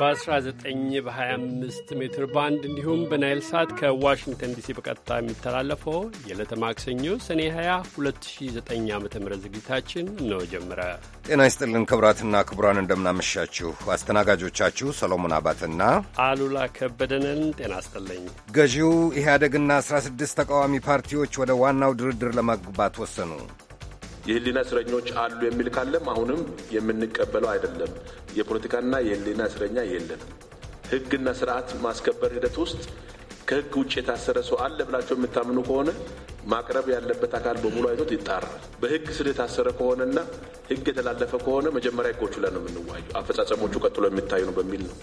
በ19 በ25 ሜትር ባንድ እንዲሁም በናይል ሳት ከዋሽንግተን ዲሲ በቀጥታ የሚተላለፈው የዕለተ ማክሰኞ ሰኔ 20 2009 ዓ ም ዝግጅታችን ነው ጀምረ። ጤና ይስጥልን ክቡራትና ክቡራን፣ እንደምናመሻችሁ። አስተናጋጆቻችሁ ሰሎሞን አባትና አሉላ ከበደንን። ጤና ይስጥልኝ። ገዢው ኢህአደግና 16 ተቃዋሚ ፓርቲዎች ወደ ዋናው ድርድር ለመግባት ወሰኑ። የህሊና እስረኞች አሉ የሚል ካለም አሁንም የምንቀበለው አይደለም። የፖለቲካና የህሊና እስረኛ የለንም። ህግና ስርዓት ማስከበር ሂደት ውስጥ ከህግ ውጭ የታሰረ ሰው አለ ብላቸው የምታምኑ ከሆነ ማቅረብ ያለበት አካል በሙሉ አይቶት ይጣራል። በህግ ስር የታሰረ ከሆነና ህግ የተላለፈ ከሆነ መጀመሪያ ህጎቹ ላይ ነው የምንዋዩ፣ አፈጻጸሞቹ ቀጥሎ የሚታዩ ነው በሚል ነው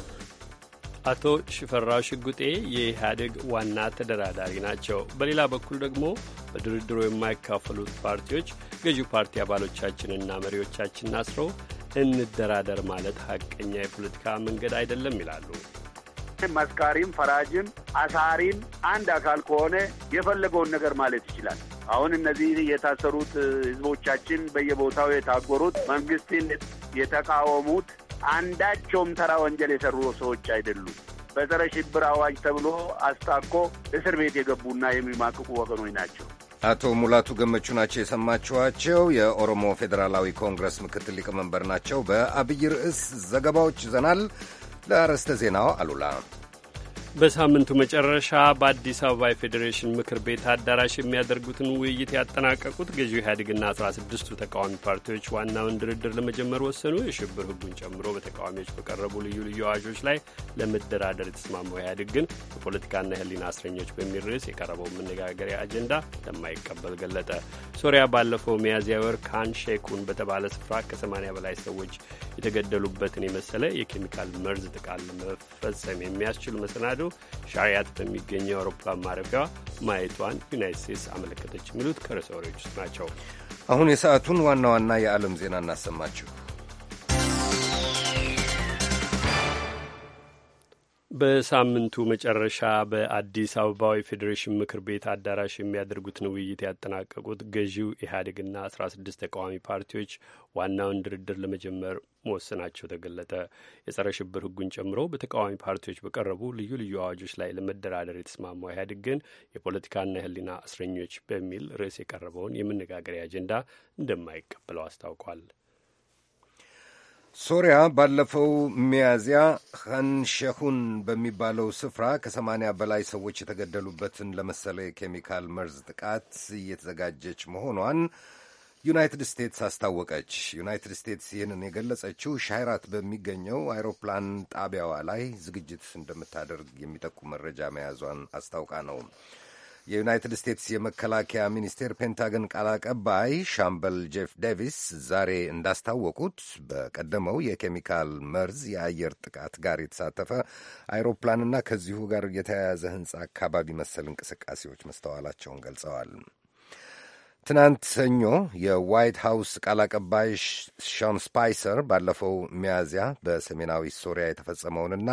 አቶ ሽፈራው ሽጉጤ የኢህአዴግ ዋና ተደራዳሪ ናቸው። በሌላ በኩል ደግሞ በድርድሩ የማይካፈሉት ፓርቲዎች ገዢው ፓርቲ አባሎቻችንና መሪዎቻችንን አስረው እንደራደር ማለት ሀቀኛ የፖለቲካ መንገድ አይደለም ይላሉ። መስካሪም ፈራጅም አሳሪም አንድ አካል ከሆነ የፈለገውን ነገር ማለት ይችላል። አሁን እነዚህ የታሰሩት ህዝቦቻችን በየቦታው የታጎሩት መንግስትን የተቃወሙት አንዳቸውም ተራ ወንጀል የሰሩ ሰዎች አይደሉም። በጸረ ሽብር አዋጅ ተብሎ አስታኮ እስር ቤት የገቡና የሚማቅቁ ወገኖች ናቸው። አቶ ሙላቱ ገመቹ ናቸው የሰማችኋቸው። የኦሮሞ ፌዴራላዊ ኮንግረስ ምክትል ሊቀመንበር ናቸው። በአብይ ርዕስ ዘገባዎች ይዘናል። ለአርዕስተ ዜናው አሉላ በሳምንቱ መጨረሻ በአዲስ አበባ የፌዴሬሽን ምክር ቤት አዳራሽ የሚያደርጉትን ውይይት ያጠናቀቁት ገዢው ኢህአዴግና አስራ ስድስቱ ተቃዋሚ ፓርቲዎች ዋናውን ድርድር ለመጀመር ወሰኑ። የሽብር ህጉን ጨምሮ በተቃዋሚዎች በቀረቡ ልዩ ልዩ አዋዦች ላይ ለመደራደር የተስማማው ኢህአዴግ ግን የፖለቲካና ህሊና እስረኞች በሚል ርዕስ የቀረበው መነጋገሪያ አጀንዳ እንደማይቀበል ገለጠ። ሶሪያ ባለፈው ሚያዝያ ወር ካን ሼኩን በተባለ ስፍራ ከ80 በላይ ሰዎች የተገደሉበትን የመሰለ የኬሚካል መርዝ ጥቃት ለመፈጸም የሚያስችል መሰናዶ ሻርያት በሚገኘው አውሮፕላን ማረፊያ ማየቷን ዩናይት ስቴትስ አመለከተች። የሚሉት ከርዕሰ ወሬዎች ውስጥ ናቸው። አሁን የሰዓቱን ዋና ዋና የዓለም ዜና እናሰማችሁ። በሳምንቱ መጨረሻ በአዲስ አበባዊ ፌዴሬሽን ምክር ቤት አዳራሽ የሚያደርጉትን ውይይት ያጠናቀቁት ገዢው ኢህአዴግና አስራ ስድስት ተቃዋሚ ፓርቲዎች ዋናውን ድርድር ለመጀመር መወሰናቸው ተገለጠ። የጸረ ሽብር ህጉን ጨምሮ በተቃዋሚ ፓርቲዎች በቀረቡ ልዩ ልዩ አዋጆች ላይ ለመደራደር የተስማማው ኢህአዴግ ግን የፖለቲካና የህሊና እስረኞች በሚል ርዕስ የቀረበውን የመነጋገሪያ አጀንዳ እንደማይቀበለው አስታውቋል። ሶሪያ ባለፈው ሚያዝያ ኸንሸሁን በሚባለው ስፍራ ከሰማንያ በላይ ሰዎች የተገደሉበትን ለመሰለ የኬሚካል መርዝ ጥቃት እየተዘጋጀች መሆኗን ዩናይትድ ስቴትስ አስታወቀች። ዩናይትድ ስቴትስ ይህንን የገለጸችው ሻይራት በሚገኘው አይሮፕላን ጣቢያዋ ላይ ዝግጅት እንደምታደርግ የሚጠቁም መረጃ መያዟን አስታውቃ ነው። የዩናይትድ ስቴትስ የመከላከያ ሚኒስቴር ፔንታገን ቃል አቀባይ ሻምበል ጄፍ ዴቪስ ዛሬ እንዳስታወቁት በቀደመው የኬሚካል መርዝ የአየር ጥቃት ጋር የተሳተፈ አይሮፕላንና ከዚሁ ጋር የተያያዘ ሕንፃ አካባቢ መሰል እንቅስቃሴዎች መስተዋላቸውን ገልጸዋል። ትናንት ሰኞ የዋይት ሃውስ ቃል አቀባይ ሾን ስፓይሰር ባለፈው ሚያዝያ በሰሜናዊ ሶሪያ የተፈጸመውንና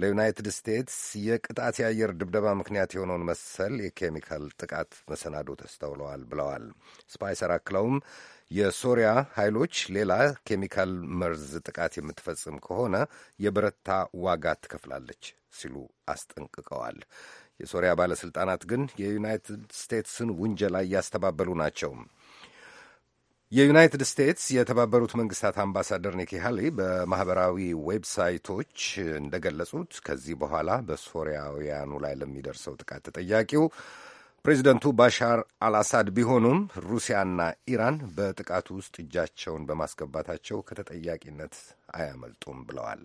ለዩናይትድ ስቴትስ የቅጣት የአየር ድብደባ ምክንያት የሆነውን መሰል የኬሚካል ጥቃት መሰናዶ ተስተውለዋል ብለዋል። ስፓይሰር አክለውም የሶሪያ ኃይሎች ሌላ ኬሚካል መርዝ ጥቃት የምትፈጽም ከሆነ የበረታ ዋጋ ትከፍላለች ሲሉ አስጠንቅቀዋል። የሶሪያ ባለሥልጣናት ግን የዩናይትድ ስቴትስን ውንጀላ እያስተባበሉ ናቸው። የዩናይትድ ስቴትስ የተባበሩት መንግስታት አምባሳደር ኒኪ ሃሊ በማኅበራዊ ዌብሳይቶች እንደገለጹት ከዚህ በኋላ በሶሪያውያኑ ላይ ለሚደርሰው ጥቃት ተጠያቂው ፕሬዚደንቱ ባሻር አልአሳድ ቢሆኑም ሩሲያና ኢራን በጥቃቱ ውስጥ እጃቸውን በማስገባታቸው ከተጠያቂነት አያመልጡም ብለዋል።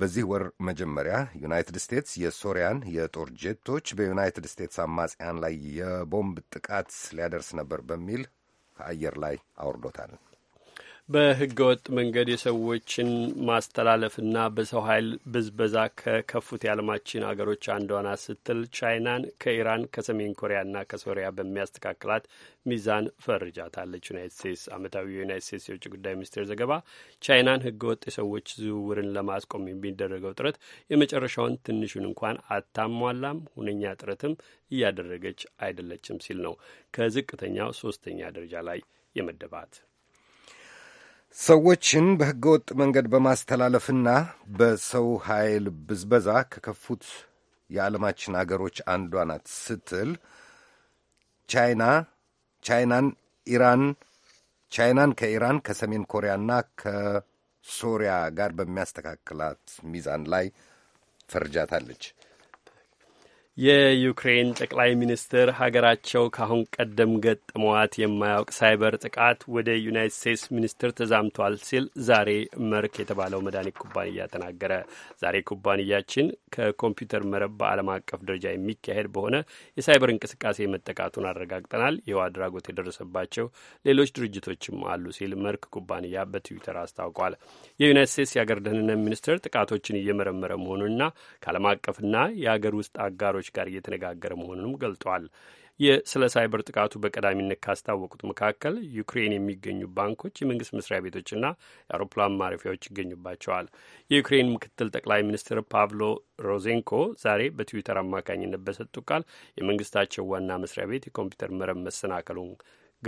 በዚህ ወር መጀመሪያ ዩናይትድ ስቴትስ የሶሪያን የጦር ጄቶች በዩናይትድ ስቴትስ አማጽያን ላይ የቦምብ ጥቃት ሊያደርስ ነበር በሚል ከአየር ላይ አውርዶታል። በህገወጥ መንገድ የሰዎችን ማስተላለፍና በሰው ኃይል ብዝበዛ ከከፉት የዓለማችን አገሮች አንዷና ስትል ቻይናን ከኢራን ከሰሜን ኮሪያና ከሶሪያ በሚያስተካክላት ሚዛን ፈርጃታለች። ዩናይት ስቴትስ አመታዊ የዩናይት ስቴትስ የውጭ ጉዳይ ሚኒስቴር ዘገባ ቻይናን ህገወጥ የሰዎች ዝውውርን ለማስቆም የሚደረገው ጥረት የመጨረሻውን ትንሹን እንኳን አታሟላም፣ ሁነኛ ጥረትም እያደረገች አይደለችም ሲል ነው ከዝቅተኛው ሶስተኛ ደረጃ ላይ የመደባት ሰዎችን በሕገወጥ መንገድ በማስተላለፍና በሰው ኃይል ብዝበዛ ከከፉት የዓለማችን አገሮች አንዷ ናት ስትል ቻይና ቻይናን ኢራን ቻይናን ከኢራን ከሰሜን ኮሪያና ከሶሪያ ጋር በሚያስተካክላት ሚዛን ላይ ፈርጃታለች። የዩክሬን ጠቅላይ ሚኒስትር ሀገራቸው ከአሁን ቀደም ገጥመዋት የማያውቅ ሳይበር ጥቃት ወደ ዩናይት ስቴትስ ሚኒስትር ተዛምቷል ሲል ዛሬ መርክ የተባለው መድኃኒት ኩባንያ ተናገረ። ዛሬ ኩባንያችን ከኮምፒውተር መረብ በዓለም አቀፍ ደረጃ የሚካሄድ በሆነ የሳይበር እንቅስቃሴ መጠቃቱን አረጋግጠናል። ይኸው አድራጎት የደረሰባቸው ሌሎች ድርጅቶችም አሉ ሲል መርክ ኩባንያ በትዊተር አስታውቋል። የዩናይት ስቴትስ የአገር ደህንነት ሚኒስትር ጥቃቶችን እየመረመረ መሆኑንና ከዓለም አቀፍና የአገር ውስጥ አጋሮች ባለሙያዎች ጋር እየተነጋገረ መሆኑንም ገልጧል። ስለ ሳይበር ጥቃቱ በቀዳሚነት ካስታወቁት መካከል ዩክሬን የሚገኙ ባንኮች፣ የመንግስት መስሪያ ቤቶችና የአውሮፕላን ማረፊያዎች ይገኙባቸዋል። የዩክሬን ምክትል ጠቅላይ ሚኒስትር ፓቭሎ ሮዜንኮ ዛሬ በትዊተር አማካኝነት በሰጡ ቃል የመንግስታቸው ዋና መስሪያ ቤት የኮምፒውተር መረብ መሰናከሉን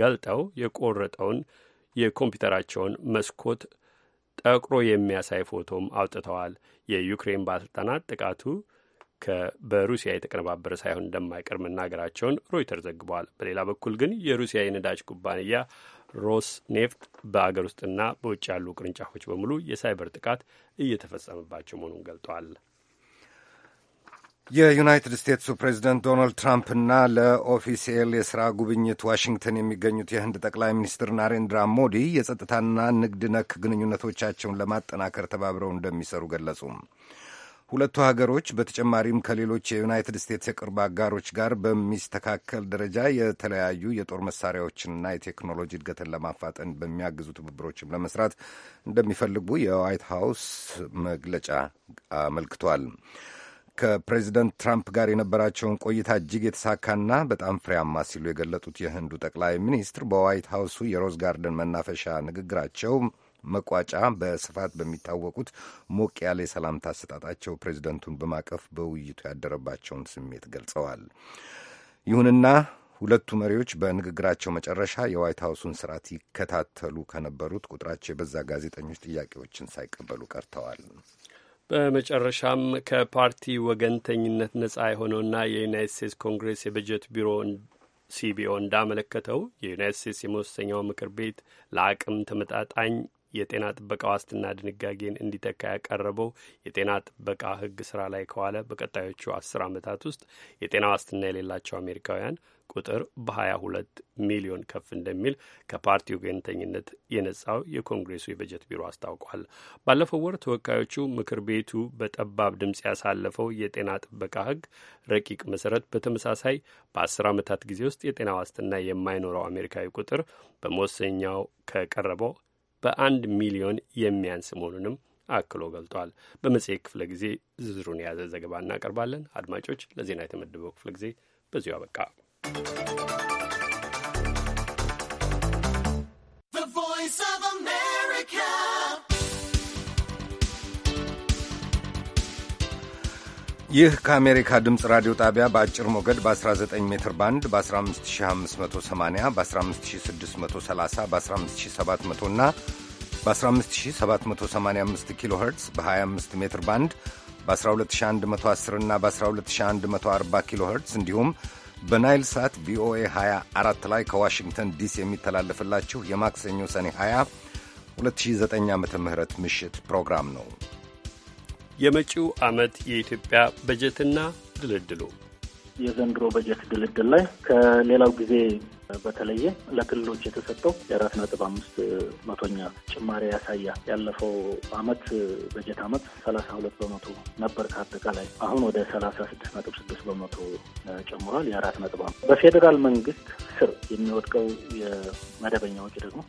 ገልጠው የቆረጠውን የኮምፒውተራቸውን መስኮት ጠቅሮ የሚያሳይ ፎቶም አውጥተዋል። የዩክሬን ባለስልጣናት ጥቃቱ በሩሲያ የተቀነባበረ ሳይሆን እንደማይቀር መናገራቸውን ሮይተር ዘግቧል። በሌላ በኩል ግን የሩሲያ የነዳጅ ኩባንያ ሮስ ኔፍት በአገር ውስጥና በውጭ ያሉ ቅርንጫፎች በሙሉ የሳይበር ጥቃት እየተፈጸመባቸው መሆኑን ገልጧል። የዩናይትድ ስቴትሱ ፕሬዚደንት ዶናልድ ትራምፕና ለኦፊሴል የሥራ ጉብኝት ዋሽንግተን የሚገኙት የህንድ ጠቅላይ ሚኒስትር ናሬንድራ ሞዲ የጸጥታና ንግድ ነክ ግንኙነቶቻቸውን ለማጠናከር ተባብረው እንደሚሰሩ ገለጹ። ሁለቱ ሀገሮች በተጨማሪም ከሌሎች የዩናይትድ ስቴትስ የቅርብ አጋሮች ጋር በሚስተካከል ደረጃ የተለያዩ የጦር መሳሪያዎችንና የቴክኖሎጂ እድገትን ለማፋጠን በሚያግዙ ትብብሮችም ለመስራት እንደሚፈልጉ የዋይት ሀውስ መግለጫ አመልክቷል። ከፕሬዚደንት ትራምፕ ጋር የነበራቸውን ቆይታ እጅግ የተሳካና በጣም ፍሬያማ ሲሉ የገለጡት የህንዱ ጠቅላይ ሚኒስትር በዋይት ሀውሱ የሮዝ ጋርደን መናፈሻ ንግግራቸው መቋጫ በስፋት በሚታወቁት ሞቅ ያለ የሰላምታ አሰጣጣቸው ፕሬዚደንቱን በማቀፍ በውይይቱ ያደረባቸውን ስሜት ገልጸዋል። ይሁንና ሁለቱ መሪዎች በንግግራቸው መጨረሻ የዋይት ሀውሱን ስርዓት ይከታተሉ ከነበሩት ቁጥራቸው የበዛ ጋዜጠኞች ጥያቄዎችን ሳይቀበሉ ቀርተዋል። በመጨረሻም ከፓርቲ ወገንተኝነት ነጻ የሆነውና የዩናይት ስቴትስ ኮንግሬስ የበጀት ቢሮ ሲቢኦ እንዳመለከተው የዩናይት ስቴትስ የመወሰኛው ምክር ቤት ለአቅም ተመጣጣኝ የጤና ጥበቃ ዋስትና ድንጋጌን እንዲተካ ያቀረበው የጤና ጥበቃ ሕግ ስራ ላይ ከዋለ በቀጣዮቹ አስር ዓመታት ውስጥ የጤና ዋስትና የሌላቸው አሜሪካውያን ቁጥር በ22 ሚሊዮን ከፍ እንደሚል ከፓርቲው ገንተኝነት የነጻው የኮንግሬሱ የበጀት ቢሮ አስታውቋል። ባለፈው ወር ተወካዮቹ ምክር ቤቱ በጠባብ ድምፅ ያሳለፈው የጤና ጥበቃ ህግ ረቂቅ መሰረት በተመሳሳይ በ10 ዓመታት ጊዜ ውስጥ የጤና ዋስትና የማይኖረው አሜሪካዊ ቁጥር በመወሰኛው ከቀረበው በአንድ ሚሊዮን የሚያንስ መሆኑንም አክሎ ገልጧል። በመጽሔት ክፍለ ጊዜ ዝርዝሩን የያዘ ዘገባ እናቀርባለን። አድማጮች፣ ለዜና የተመደበው ክፍለ ጊዜ በዚሁ አበቃ። ይህ ከአሜሪካ ድምፅ ራዲዮ ጣቢያ በአጭር ሞገድ በ19 ሜትር ባንድ በ15580 በ15630 በ15700 እና በ15785 ኪሎ ኸርትዝ በ25 ሜትር ባንድ በ12110 እና በ12140 ኪሎ ኸርትዝ እንዲሁም በናይል ሳት ቪኦኤ 24 ላይ ከዋሽንግተን ዲሲ የሚተላለፍላችሁ የማክሰኞ ሰኔ 20 2009 ዓ ም ምሽት ፕሮግራም ነው። የመጪው ዓመት የኢትዮጵያ በጀትና ድልድሉ የዘንድሮ በጀት ድልድል ላይ ከሌላው ጊዜ በተለየ ለክልሎች የተሰጠው የአራት ነጥብ አምስት መቶኛ ጭማሪ ያሳያል። ያለፈው አመት በጀት አመት ሰላሳ ሁለት በመቶ ነበር ከአጠቃላይ አሁን ወደ ሰላሳ ስድስት ነጥብ ስድስት በመቶ ጨምሯል። የአራት ነጥብ አምስት በፌዴራል መንግስት ስር የሚወድቀው የመደበኛ ወጪ ደግሞ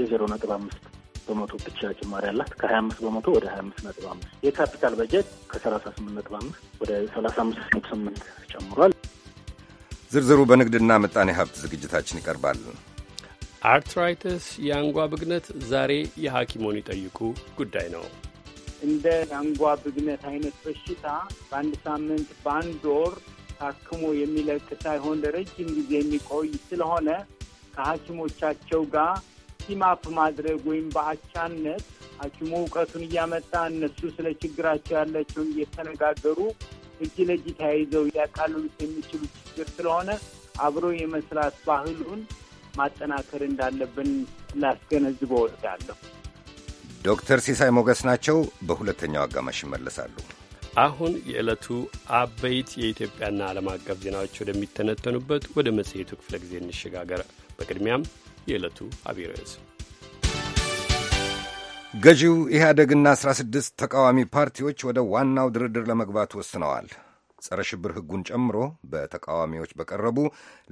የዜሮ ነጥብ አምስት በመቶ ብቻ ጭማሪ አላት። ከ25 በመቶ ወደ 25 የካፒታል በጀት ከ 385 ነጥብ ወደ 35 ጨምሯል። ዝርዝሩ በንግድና ምጣኔ ሀብት ዝግጅታችን ይቀርባል። አርትራይተስ የአንጓ ብግነት ዛሬ የሐኪሞን ይጠይቁ ጉዳይ ነው። እንደ አንጓ ብግነት አይነት በሽታ በአንድ ሳምንት በአንድ ወር ታክሞ የሚለቅ ሳይሆን ለረጅም ጊዜ የሚቆይ ስለሆነ ከሐኪሞቻቸው ጋር ቲማፕ ማድረግ ወይም በአቻነት ሐኪሙ እውቀቱን እያመጣ እነሱ ስለ ችግራቸው ያላቸውን እየተነጋገሩ እጅ ለእጅ ተያይዘው ሊያቃልሉት የሚችሉ ችግር ስለሆነ አብሮ የመስራት ባህሉን ማጠናከር እንዳለብን ላስገነዝበ ወዳለሁ። ዶክተር ሲሳይ ሞገስ ናቸው። በሁለተኛው አጋማሽ ይመለሳሉ። አሁን የዕለቱ አበይት የኢትዮጵያና ዓለም አቀፍ ዜናዎች ወደሚተነተኑበት ወደ መጽሔቱ ክፍለ ጊዜ እንሸጋገር። በቅድሚያም የዕለቱ አብይ ርዕስ ገዢው ኢህአደግና 16 ተቃዋሚ ፓርቲዎች ወደ ዋናው ድርድር ለመግባት ወስነዋል። ጸረ ሽብር ሕጉን ጨምሮ በተቃዋሚዎች በቀረቡ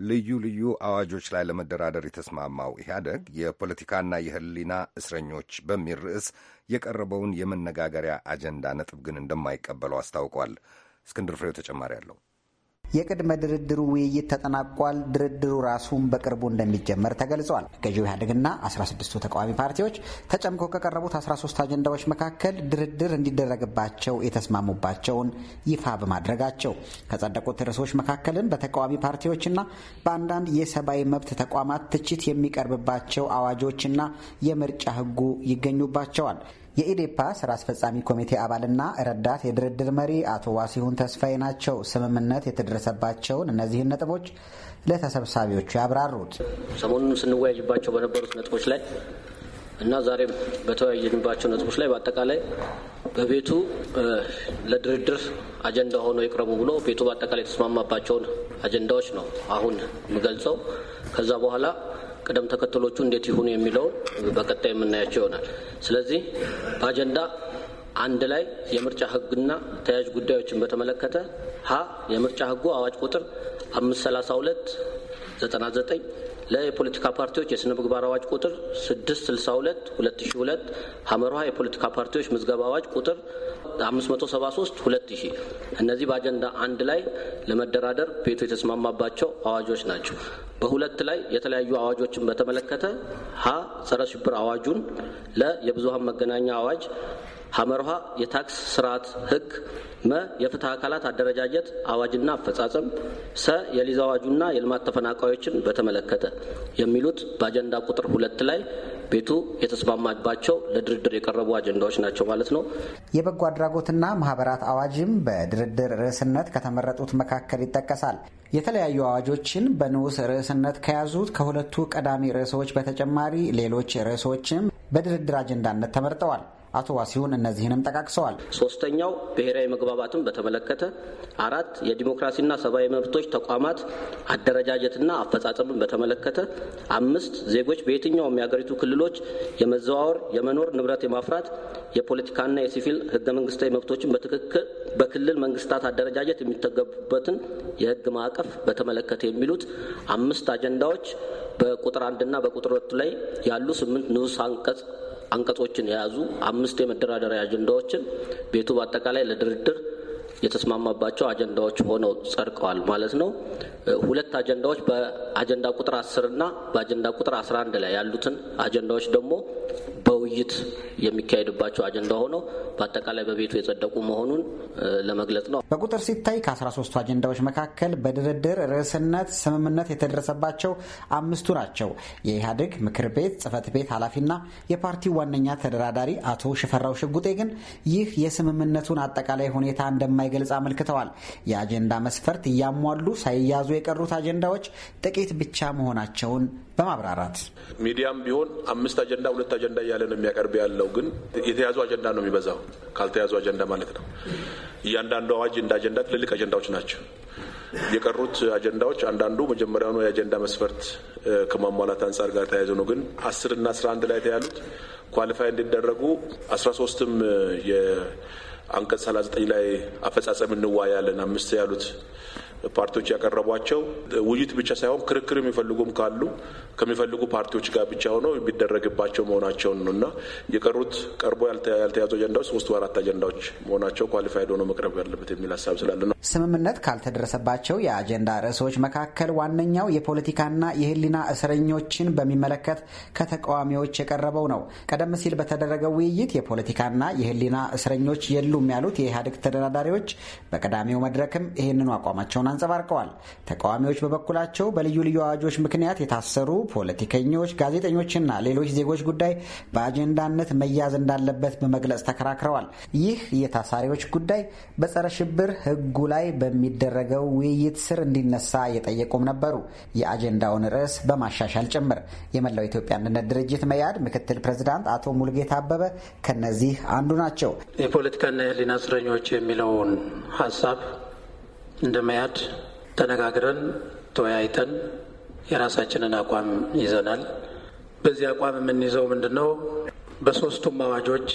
ልዩ ልዩ አዋጆች ላይ ለመደራደር የተስማማው ኢህአደግ የፖለቲካና የህሊና እስረኞች በሚል ርዕስ የቀረበውን የመነጋገሪያ አጀንዳ ነጥብ ግን እንደማይቀበለው አስታውቋል። እስክንድር ፍሬው ተጨማሪ አለው። የቅድመ ድርድሩ ውይይት ተጠናቋል። ድርድሩ ራሱን በቅርቡ እንደሚጀመር ተገልጿል። ገዢው ኢህአዴግና 16ቱ ተቃዋሚ ፓርቲዎች ተጨምቆ ከቀረቡት 13 አጀንዳዎች መካከል ድርድር እንዲደረግባቸው የተስማሙባቸውን ይፋ በማድረጋቸው ከጸደቁት ርዕሶች መካከልም በተቃዋሚ ፓርቲዎችና በአንዳንድ የሰብአዊ መብት ተቋማት ትችት የሚቀርብባቸው አዋጆችና የምርጫ ህጉ ይገኙባቸዋል። የኢዴፓ ስራ አስፈጻሚ ኮሚቴ አባልና ረዳት የድርድር መሪ አቶ ዋሲሁን ተስፋዬ ናቸው። ስምምነት የተደረሰባቸውን እነዚህን ነጥቦች ለተሰብሳቢዎቹ ያብራሩት ሰሞኑን ስንወያይባቸው በነበሩት ነጥቦች ላይ እና ዛሬም በተወያየንባቸው ነጥቦች ላይ በአጠቃላይ በቤቱ ለድርድር አጀንዳ ሆነው ይቅረቡ ብሎ ቤቱ በአጠቃላይ የተስማማባቸውን አጀንዳዎች ነው አሁን የምገልጸው። ከዛ በኋላ ቅደም ተከተሎቹ እንዴት ይሁኑ የሚለውን በቀጣይ የምናያቸው ይሆናል። ስለዚህ በአጀንዳ አንድ ላይ የምርጫ ህግና ተያዥ ጉዳዮችን በተመለከተ ሀ የምርጫ ህጉ አዋጅ ቁጥር አምስት ሰላሳ ሁለት ዘጠና ዘጠኝ ለፖለቲካ ፓርቲዎች የስነ ምግባር አዋጅ ቁጥር 662 2002 ሀመርሃ የፖለቲካ ፓርቲዎች ምዝገባ አዋጅ ቁጥር 573 2000 እነዚህ በአጀንዳ አንድ ላይ ለመደራደር ቤቱ የተስማማባቸው አዋጆች ናቸው። በሁለት ላይ የተለያዩ አዋጆችን በተመለከተ ሀ ጸረ ሽብር አዋጁን፣ ለየብዙሀን መገናኛ አዋጅ ሀመርሃ የታክስ ስርዓት ህግ፣ መ የፍትህ አካላት አደረጃጀት አዋጅና አፈጻጸም፣ ሰ የሊዝ አዋጁና የልማት ተፈናቃዮችን በተመለከተ የሚሉት በአጀንዳ ቁጥር ሁለት ላይ ቤቱ የተስማማባቸው ለድርድር የቀረቡ አጀንዳዎች ናቸው ማለት ነው። የበጎ አድራጎትና ማህበራት አዋጅም በድርድር ርዕስነት ከተመረጡት መካከል ይጠቀሳል። የተለያዩ አዋጆችን በንዑስ ርዕስነት ከያዙት ከሁለቱ ቀዳሚ ርዕሶች በተጨማሪ ሌሎች ርዕሶችም በድርድር አጀንዳነት ተመርጠዋል። አቶ ዋሲሁን እነዚህንም ጠቃቅሰዋል። ሶስተኛው ብሔራዊ መግባባትን በተመለከተ፣ አራት የዲሞክራሲና ሰብአዊ መብቶች ተቋማት አደረጃጀትና አፈጻጸምን በተመለከተ፣ አምስት ዜጎች በየትኛውም የሀገሪቱ ክልሎች የመዘዋወር የመኖር ንብረት የማፍራት የፖለቲካና የሲቪል ህገ መንግስታዊ መብቶችን በትክክል በክልል መንግስታት አደረጃጀት የሚተገቡበትን የህግ ማዕቀፍ በተመለከተ የሚሉት አምስት አጀንዳዎች በቁጥር አንድና በቁጥር ሁለቱ ላይ ያሉ ስምንት ንዑስ አንቀጽ አንቀጾችን የያዙ አምስት የመደራደሪያ አጀንዳዎችን ቤቱ በአጠቃላይ ለድርድር የተስማማባቸው አጀንዳዎች ሆነው ጸድቀዋል ማለት ነው። ሁለት አጀንዳዎች በአጀንዳ ቁጥር አስር እና በአጀንዳ ቁጥር አስራ አንድ ላይ ያሉትን አጀንዳዎች ደግሞ በውይይት የሚካሄድባቸው አጀንዳ ሆነው በአጠቃላይ በቤቱ የጸደቁ መሆኑን ለመግለጽ ነው። በቁጥር ሲታይ ከ ሶስቱ አጀንዳዎች መካከል በድርድር ርዕስነት ስምምነት የተደረሰባቸው አምስቱ ናቸው። የኢህአዴግ ምክር ቤት ጽህፈት ቤት ኃላፊና የፓርቲው ዋነኛ ተደራዳሪ አቶ ሽፈራው ሽጉጤ ግን ይህ የስምምነቱን አጠቃላይ ሁኔታ እንደማይገልጽ አመልክተዋል። የአጀንዳ መስፈርት እያሟሉ ሳይያዙ የቀሩት አጀንዳዎች ጥቂት ብቻ መሆናቸውን በማብራራት ሚዲያም ቢሆን አምስት አጀንዳ ሁለት አጀንዳ እያለ ነው የሚያቀርብ ያለው። ግን የተያዙ አጀንዳ ነው የሚበዛው፣ ካልተያዙ አጀንዳ ማለት ነው። እያንዳንዱ አዋጅ እንደ አጀንዳ ትልልቅ አጀንዳዎች ናቸው። የቀሩት አጀንዳዎች አንዳንዱ መጀመሪያውኑ የአጀንዳ መስፈርት ከማሟላት አንጻር ጋር ተያይዘ ነው። ግን አስር እና አስራ አንድ ላይ ተያሉት ኳሊፋይ እንዲደረጉ አስራ ሶስትም የአንቀጽ ሰላሳ ዘጠኝ ላይ አፈጻጸም እንዋያለን አምስት ያሉት ፓርቲዎች ያቀረቧቸው ውይይት ብቻ ሳይሆን ክርክር የሚፈልጉም ካሉ ከሚፈልጉ ፓርቲዎች ጋር ብቻ ሆነው የሚደረግባቸው መሆናቸውን ነው እና የቀሩት ቀርቦ ያልተያዙ አጀንዳዎች ሶስት አራት አጀንዳዎች መሆናቸው ኳሊፋይድ ሆነው መቅረብ ያለበት የሚል ሀሳብ ስላለ ነው። ስምምነት ካልተደረሰባቸው የአጀንዳ ርዕሶች መካከል ዋነኛው የፖለቲካና የህሊና እስረኞችን በሚመለከት ከተቃዋሚዎች የቀረበው ነው። ቀደም ሲል በተደረገው ውይይት የፖለቲካና የህሊና እስረኞች የሉም ያሉት የኢህአዴግ ተደራዳሪዎች በቀዳሚው መድረክም ይህንኑ አቋማቸውን አንጸባርቀዋል። ተቃዋሚዎች በበኩላቸው በልዩ ልዩ አዋጆች ምክንያት የታሰሩ ፖለቲከኞች፣ ጋዜጠኞችና ሌሎች ዜጎች ጉዳይ በአጀንዳነት መያዝ እንዳለበት በመግለጽ ተከራክረዋል። ይህ የታሳሪዎች ጉዳይ በጸረ ሽብር ሕጉ ላይ በሚደረገው ውይይት ስር እንዲነሳ የጠየቁም ነበሩ። የአጀንዳውን ርዕስ በማሻሻል ጭምር የመላው ኢትዮጵያ አንድነት ድርጅት መያድ ምክትል ፕሬዚዳንት አቶ ሙልጌታ አበበ ከነዚህ አንዱ ናቸው። የፖለቲካና የህሊና እስረኞች የሚለውን ሀሳብ እንደ መያድ ተነጋግረን ተወያይተን የራሳችንን አቋም ይዘናል። በዚህ አቋም የምንይዘው ምንድን ነው? በሶስቱም አዋጆች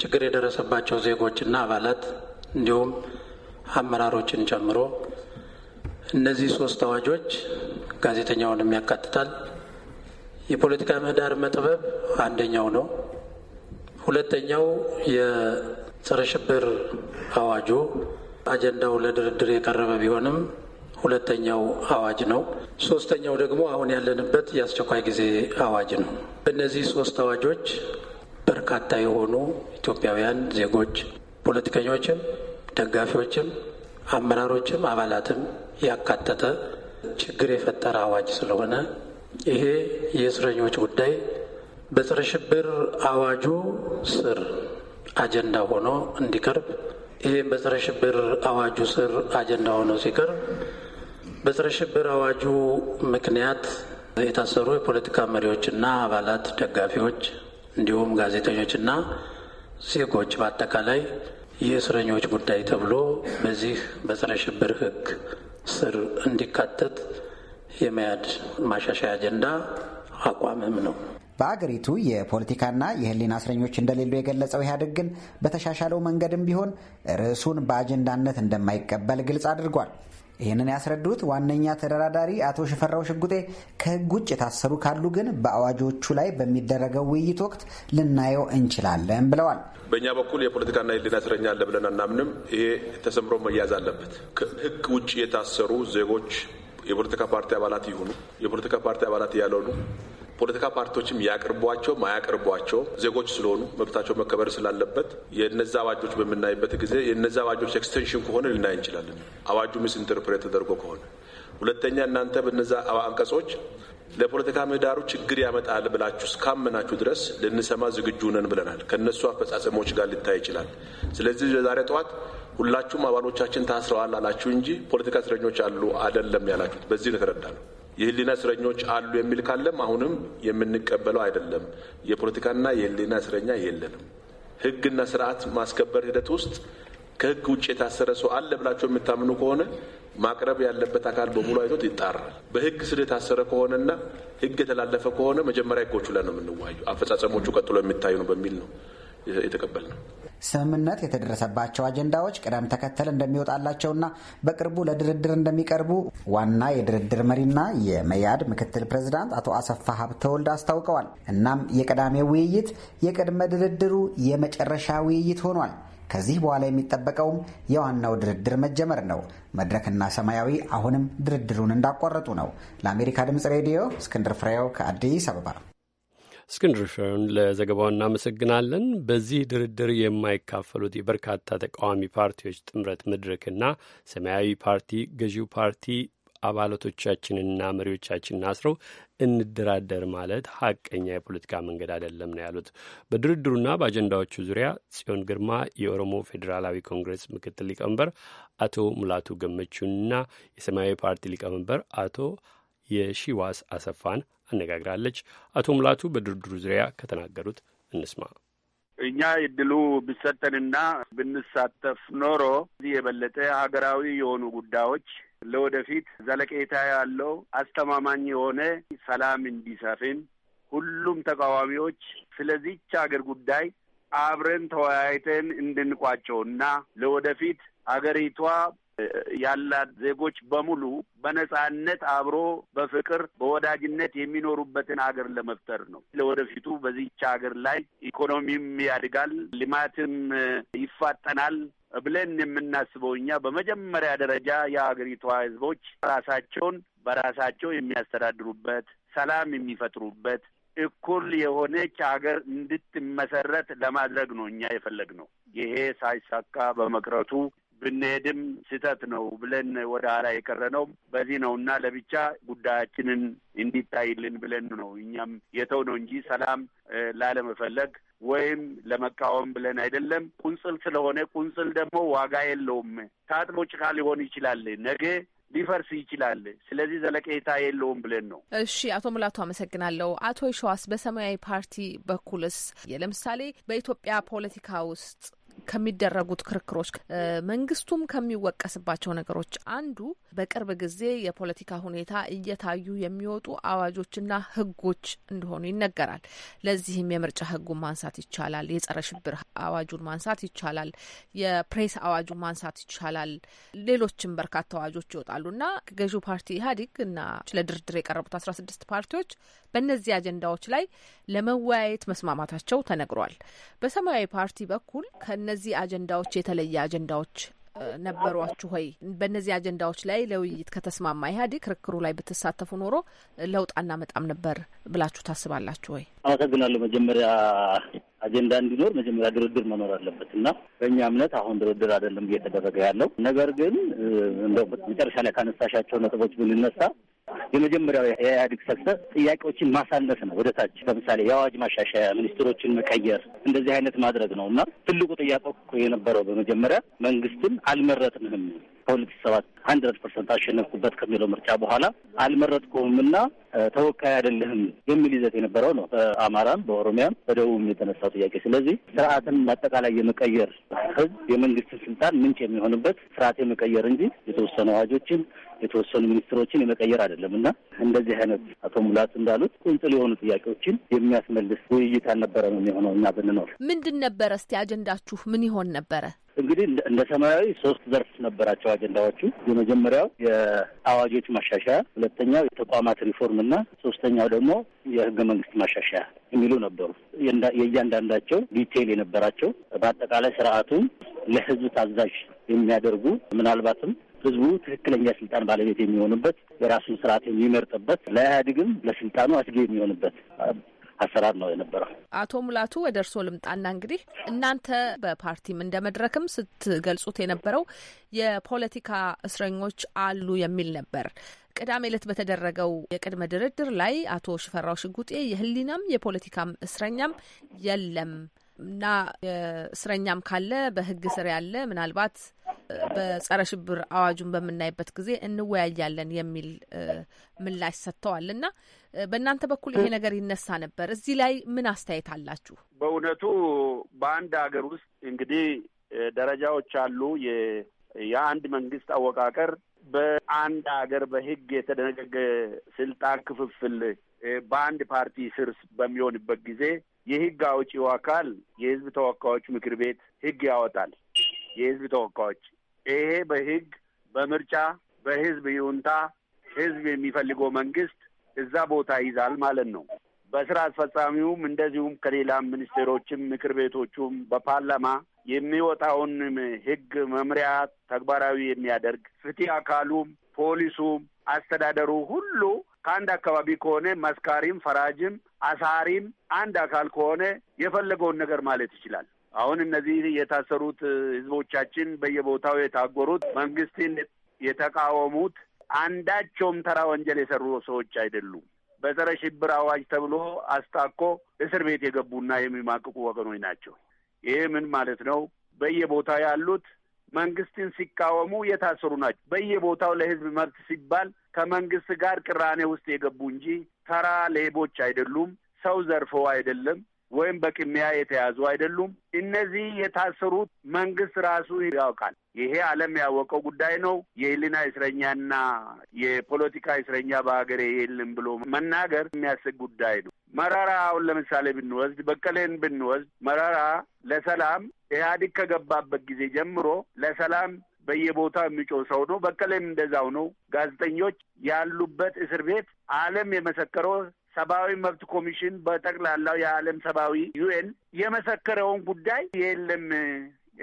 ችግር የደረሰባቸው ዜጎችና አባላት እንዲሁም አመራሮችን ጨምሮ እነዚህ ሶስት አዋጆች ጋዜጠኛውንም ያካትታል። የፖለቲካ ምህዳር መጥበብ አንደኛው ነው። ሁለተኛው የጸረ ሽብር አዋጁ አጀንዳው ለድርድር የቀረበ ቢሆንም ሁለተኛው አዋጅ ነው። ሶስተኛው ደግሞ አሁን ያለንበት የአስቸኳይ ጊዜ አዋጅ ነው። በእነዚህ ሶስት አዋጆች በርካታ የሆኑ ኢትዮጵያውያን ዜጎች ፖለቲከኞችም፣ ደጋፊዎችም፣ አመራሮችም አባላትም ያካተተ ችግር የፈጠረ አዋጅ ስለሆነ ይሄ የእስረኞች ጉዳይ በጸረ ሽብር አዋጁ ስር አጀንዳ ሆኖ እንዲቀርብ ይህ በጸረ ሽብር አዋጁ ስር አጀንዳ ሆኖ ሲቀር በጸረ ሽብር አዋጁ ምክንያት የታሰሩ የፖለቲካ መሪዎችና አባላት፣ ደጋፊዎች እንዲሁም ጋዜጠኞችና ዜጎች በአጠቃላይ የእስረኞች ጉዳይ ተብሎ በዚህ በጸረ ሽብር ሕግ ስር እንዲካተት የመያድ ማሻሻያ አጀንዳ አቋምም ነው። በአገሪቱ የፖለቲካና የሕሊና እስረኞች እንደሌሉ የገለጸው ኢህአዴግ ግን በተሻሻለው መንገድም ቢሆን ርዕሱን በአጀንዳነት እንደማይቀበል ግልጽ አድርጓል። ይህንን ያስረዱት ዋነኛ ተደራዳሪ አቶ ሽፈራው ሽጉጤ ከህግ ውጭ የታሰሩ ካሉ ግን በአዋጆቹ ላይ በሚደረገው ውይይት ወቅት ልናየው እንችላለን ብለዋል። በእኛ በኩል የፖለቲካና የህሊና እስረኛ አለ ብለን አናምንም። ይሄ ተሰምሮ መያዝ አለበት። ከህግ ውጭ የታሰሩ ዜጎች የፖለቲካ ፓርቲ አባላት ይሁኑ፣ የፖለቲካ ፓርቲ አባላት ያልሆኑ ፖለቲካ ፓርቲዎችም ያቅርቧቸውም አያቅርቧቸውም ዜጎች ስለሆኑ መብታቸው መከበር ስላለበት የነዛ አዋጆች በምናይበት ጊዜ የነዛ አዋጆች ኤክስቴንሽን ከሆነ ልናይ እንችላለን። አዋጁ ሚስ ኢንተርፕሬት ተደርጎ ከሆነ ሁለተኛ እናንተ በነዛ አንቀጾች ለፖለቲካ ምህዳሩ ችግር ያመጣል ብላችሁ እስካመናችሁ ድረስ ልንሰማ ዝግጁ ነን ብለናል። ከእነሱ አፈጻጸሞች ጋር ሊታይ ይችላል። ስለዚህ ዛሬ ጠዋት ሁላችሁም አባሎቻችን ታስረዋል አላችሁ እንጂ ፖለቲካ እስረኞች አሉ አይደለም ያላችሁት። በዚህ ነው የተረዳ የህሊና እስረኞች አሉ የሚል ካለም አሁንም የምንቀበለው አይደለም። የፖለቲካና የህሊና እስረኛ የለንም። ህግና ስርዓት ማስከበር ሂደት ውስጥ ከህግ ውጭ የታሰረ ሰው አለ ብላቸው የምታምኑ ከሆነ ማቅረብ ያለበት አካል በሙሉ አይቶት ይጣራል። በህግ ስር የታሰረ ከሆነና ህግ የተላለፈ ከሆነ መጀመሪያ ህጎቹ ላይ ነው የምንዋዩ፣ አፈጻጸሞቹ ቀጥሎ የሚታዩ ነው በሚል ነው የተቀበል ነው። ስምምነት የተደረሰባቸው አጀንዳዎች ቅደም ተከተል እንደሚወጣላቸውና በቅርቡ ለድርድር እንደሚቀርቡ ዋና የድርድር መሪና የመያድ ምክትል ፕሬዝዳንት አቶ አሰፋ ሀብተወልድ አስታውቀዋል። እናም የቅዳሜ ውይይት የቅድመ ድርድሩ የመጨረሻ ውይይት ሆኗል። ከዚህ በኋላ የሚጠበቀውም የዋናው ድርድር መጀመር ነው። መድረክና ሰማያዊ አሁንም ድርድሩን እንዳቋረጡ ነው። ለአሜሪካ ድምፅ ሬዲዮ እስክንድር ፍሬው ከአዲስ አበባ እስክንድር ፍሬውን ለዘገባው እናመሰግናለን። በዚህ ድርድር የማይካፈሉት የበርካታ ተቃዋሚ ፓርቲዎች ጥምረት መድረክና ሰማያዊ ፓርቲ ገዢው ፓርቲ አባላቶቻችንና መሪዎቻችንን አስረው እንደራደር ማለት ሀቀኛ የፖለቲካ መንገድ አይደለም ነው ያሉት። በድርድሩና በአጀንዳዎቹ ዙሪያ ጽዮን ግርማ የኦሮሞ ፌዴራላዊ ኮንግረስ ምክትል ሊቀመንበር አቶ ሙላቱ ገመቹንና የሰማያዊ ፓርቲ ሊቀመንበር አቶ የሺዋስ አሰፋን አነጋግራለች። አቶ ሙላቱ በድርድሩ ዙሪያ ከተናገሩት እንስማ። እኛ እድሉ ብሰጠንና ብንሳተፍ ኖሮ እዚህ የበለጠ ሀገራዊ የሆኑ ጉዳዮች ለወደፊት ዘለቄታ ያለው አስተማማኝ የሆነ ሰላም እንዲሰፍን ሁሉም ተቃዋሚዎች ስለዚች ሀገር ጉዳይ አብረን ተወያይተን እንድንቋቸውና ለወደፊት ሀገሪቷ ያላት ዜጎች በሙሉ በነጻነት አብሮ በፍቅር በወዳጅነት የሚኖሩበትን ሀገር ለመፍጠር ነው። ለወደፊቱ በዚች ሀገር ላይ ኢኮኖሚም ያድጋል፣ ልማትም ይፋጠናል ብለን የምናስበው እኛ በመጀመሪያ ደረጃ የሀገሪቷ ህዝቦች ራሳቸውን በራሳቸው የሚያስተዳድሩበት ሰላም የሚፈጥሩበት እኩል የሆነች ሀገር እንድትመሰረት ለማድረግ ነው እኛ የፈለግ ነው። ይሄ ሳይሳካ በመቅረቱ ብንሄድም ስህተት ነው ብለን ወደ ኋላ የቀረ ነው። በዚህ ነው እና ለብቻ ጉዳያችንን እንዲታይልን ብለን ነው እኛም የተው ነው እንጂ ሰላም ላለመፈለግ ወይም ለመቃወም ብለን አይደለም። ቁንጽል ስለሆነ ቁንጽል ደግሞ ዋጋ የለውም። ታጥቦ ጭቃ ሊሆን ይችላል ነገ ሊፈርስ ይችላል። ስለዚህ ዘለቄታ የለውም ብለን ነው። እሺ፣ አቶ ሙላቱ አመሰግናለሁ። አቶ ይሸዋስ፣ በሰማያዊ ፓርቲ በኩልስ ለምሳሌ በኢትዮጵያ ፖለቲካ ውስጥ ከሚደረጉት ክርክሮች መንግስቱም ከሚወቀስባቸው ነገሮች አንዱ በቅርብ ጊዜ የፖለቲካ ሁኔታ እየታዩ የሚወጡ አዋጆችና ህጎች እንደሆኑ ይነገራል። ለዚህም የምርጫ ህጉን ማንሳት ይቻላል። የጸረ ሽብር አዋጁን ማንሳት ይቻላል። የፕሬስ አዋጁን ማንሳት ይቻላል። ሌሎችም በርካታ አዋጆች ይወጣሉ እና ገዢው ፓርቲ ኢህአዴግ እና ለድርድር የቀረቡት አስራ ስድስት ፓርቲዎች በእነዚህ አጀንዳዎች ላይ ለመወያየት መስማማታቸው ተነግሯል። በሰማያዊ ፓርቲ በኩል ከነ ከእነዚህ አጀንዳዎች የተለየ አጀንዳዎች ነበሯችሁ ወይ? በእነዚህ አጀንዳዎች ላይ ለውይይት ከተስማማ ኢህአዴግ ክርክሩ ላይ ብትሳተፉ ኖሮ ለውጥ አናመጣም ነበር ብላችሁ ታስባላችሁ ወይ? አመሰግናለሁ። መጀመሪያ አጀንዳ እንዲኖር መጀመሪያ ድርድር መኖር አለበት እና በእኛ እምነት አሁን ድርድር አይደለም እየተደረገ ያለው ነገር ግን እንደው መጨረሻ ላይ ካነሳሻቸው ነጥቦች ብንነሳ የመጀመሪያው የኢህአዴግ ሰክሰስ ጥያቄዎችን ማሳነስ ነው ወደ ታች። ለምሳሌ የአዋጅ ማሻሻያ፣ ሚኒስትሮችን መቀየር፣ እንደዚህ አይነት ማድረግ ነው እና ትልቁ ጥያቄ እኮ የነበረው በመጀመሪያ መንግስትን አልመረጥንህም ከሁለት ሺህ ሰባት ሀንድረድ ፐርሰንት አሸነፍኩበት ከሚለው ምርጫ በኋላ እና ተወካይ አይደለህም የሚል ይዘት የነበረው ነው። በአማራም በኦሮሚያም በደቡብም የተነሳው ጥያቄ። ስለዚህ ስርዓትን አጠቃላይ የመቀየር ህዝብ የመንግስትን ስልጣን ምንጭ የሚሆንበት ስርዓት የመቀየር እንጂ የተወሰኑ አዋጆችን የተወሰኑ ሚኒስትሮችን የመቀየር አይደለም እና እንደዚህ አይነት አቶ ሙላት እንዳሉት ቁንጽል የሆኑ ጥያቄዎችን የሚያስመልስ ውይይት አልነበረ ነው የሚሆነው። እና ብንኖር ምንድን ነበረ እስቲ አጀንዳችሁ ምን ይሆን ነበረ? እንግዲህ እንደ ሰማያዊ ሶስት ዘርፍ ነበራቸው አጀንዳዎቹ። የመጀመሪያው የአዋጆች ማሻሻያ፣ ሁለተኛው የተቋማት ሪፎርም እና ሶስተኛው ደግሞ የህገ መንግስት ማሻሻያ የሚሉ ነበሩ። የእያንዳንዳቸው ዲቴይል የነበራቸው በአጠቃላይ ስርዓቱን ለህዝብ ታዛዥ የሚያደርጉ ምናልባትም ህዝቡ ትክክለኛ ስልጣን ባለቤት የሚሆንበት የራሱን ስርዓት የሚመርጥበት ለኢህአዴግም ለስልጣኑ አስጊ የሚሆንበት አሰራር ነው የነበረው። አቶ ሙላቱ ወደ እርስዎ ልምጣና እንግዲህ እናንተ በፓርቲም እንደ መድረክም ስትገልጹት የነበረው የፖለቲካ እስረኞች አሉ የሚል ነበር። ቅዳሜ ዕለት በተደረገው የቅድመ ድርድር ላይ አቶ ሽፈራው ሽጉጤ የህሊናም የፖለቲካም እስረኛም የለም እና የእስረኛም ካለ በህግ ስር ያለ ምናልባት በጸረ ሽብር አዋጁን በምናይበት ጊዜ እንወያያለን የሚል ምላሽ ሰጥተዋል። እና በእናንተ በኩል ይሄ ነገር ይነሳ ነበር። እዚህ ላይ ምን አስተያየት አላችሁ? በእውነቱ በአንድ ሀገር ውስጥ እንግዲህ ደረጃዎች አሉ። የአንድ መንግስት አወቃቀር በአንድ ሀገር በህግ የተደነገገ ስልጣን ክፍፍል በአንድ ፓርቲ ስር በሚሆንበት ጊዜ የህግ አውጪው አካል የህዝብ ተወካዮች ምክር ቤት ህግ ያወጣል። የህዝብ ተወካዮች ይሄ በህግ በምርጫ በህዝብ ይሁንታ ህዝብ የሚፈልገው መንግስት እዛ ቦታ ይዛል ማለት ነው። በስራ አስፈጻሚውም እንደዚሁም ከሌላ ሚኒስቴሮችም ምክር ቤቶቹም በፓርላማ የሚወጣውን ህግ መምሪያ ተግባራዊ የሚያደርግ ፍትህ አካሉም ፖሊሱም አስተዳደሩ ሁሉ ከአንድ አካባቢ ከሆነ መስካሪም ፈራጅም አሳሪም አንድ አካል ከሆነ የፈለገውን ነገር ማለት ይችላል። አሁን እነዚህ የታሰሩት ህዝቦቻችን በየቦታው የታጎሩት መንግስትን የተቃወሙት አንዳቸውም ተራ ወንጀል የሰሩ ሰዎች አይደሉም። በጸረ ሽብር አዋጅ ተብሎ አስታኮ እስር ቤት የገቡና የሚማቅቁ ወገኖች ናቸው። ይህ ምን ማለት ነው? በየቦታው ያሉት መንግስትን ሲቃወሙ የታሰሩ ናቸው። በየቦታው ለህዝብ መብት ሲባል ከመንግስት ጋር ቅራኔ ውስጥ የገቡ እንጂ ተራ ሌቦች አይደሉም። ሰው ዘርፎ አይደለም። ወይም በቅሚያ የተያዙ አይደሉም። እነዚህ የታሰሩት መንግስት ራሱ ያውቃል። ይሄ ዓለም ያወቀው ጉዳይ ነው። የህሊና እስረኛና የፖለቲካ እስረኛ በሀገሬ የለም ብሎ መናገር የሚያስግ ጉዳይ ነው። መራራ አሁን ለምሳሌ ብንወስድ፣ በቀሌን ብንወስድ፣ መራራ ለሰላም ኢህአዲግ ከገባበት ጊዜ ጀምሮ ለሰላም በየቦታው የሚጮህ ሰው ነው። በቀለም እንደዛው ነው። ጋዜጠኞች ያሉበት እስር ቤት ዓለም የመሰከረው ሰብአዊ መብት ኮሚሽን በጠቅላላው የዓለም ሰብአዊ ዩኤን የመሰከረውን ጉዳይ የለም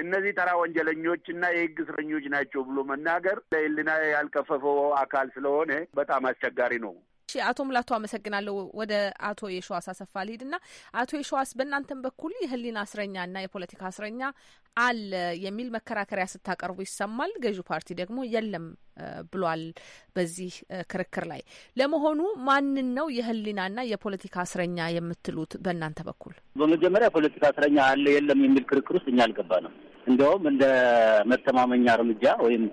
እነዚህ ተራ ወንጀለኞች እና የህግ እስረኞች ናቸው ብሎ መናገር ለሕሊና ያልከፈፈው አካል ስለሆነ በጣም አስቸጋሪ ነው። አቶ ሙላቱ አመሰግናለሁ። ወደ አቶ የሸዋስ አሰፋ ና አቶ የሸዋስ በእናንተም በኩል የህሊና ና የፖለቲካ እስረኛ አለ የሚል መከራከሪያ ስታቀርቡ ይሰማል። ገዢው ፓርቲ ደግሞ የለም ብሏል። በዚህ ክርክር ላይ ለመሆኑ ማንን ነው የህሊናና የፖለቲካ እስረኛ የምትሉት? በእናንተ በኩል በመጀመሪያ የፖለቲካ እስረኛ አለ የለም የሚል ክርክር ውስጥ እኛ አልገባንም። እንዲያውም እንደ መተማመኛ እርምጃ ወይም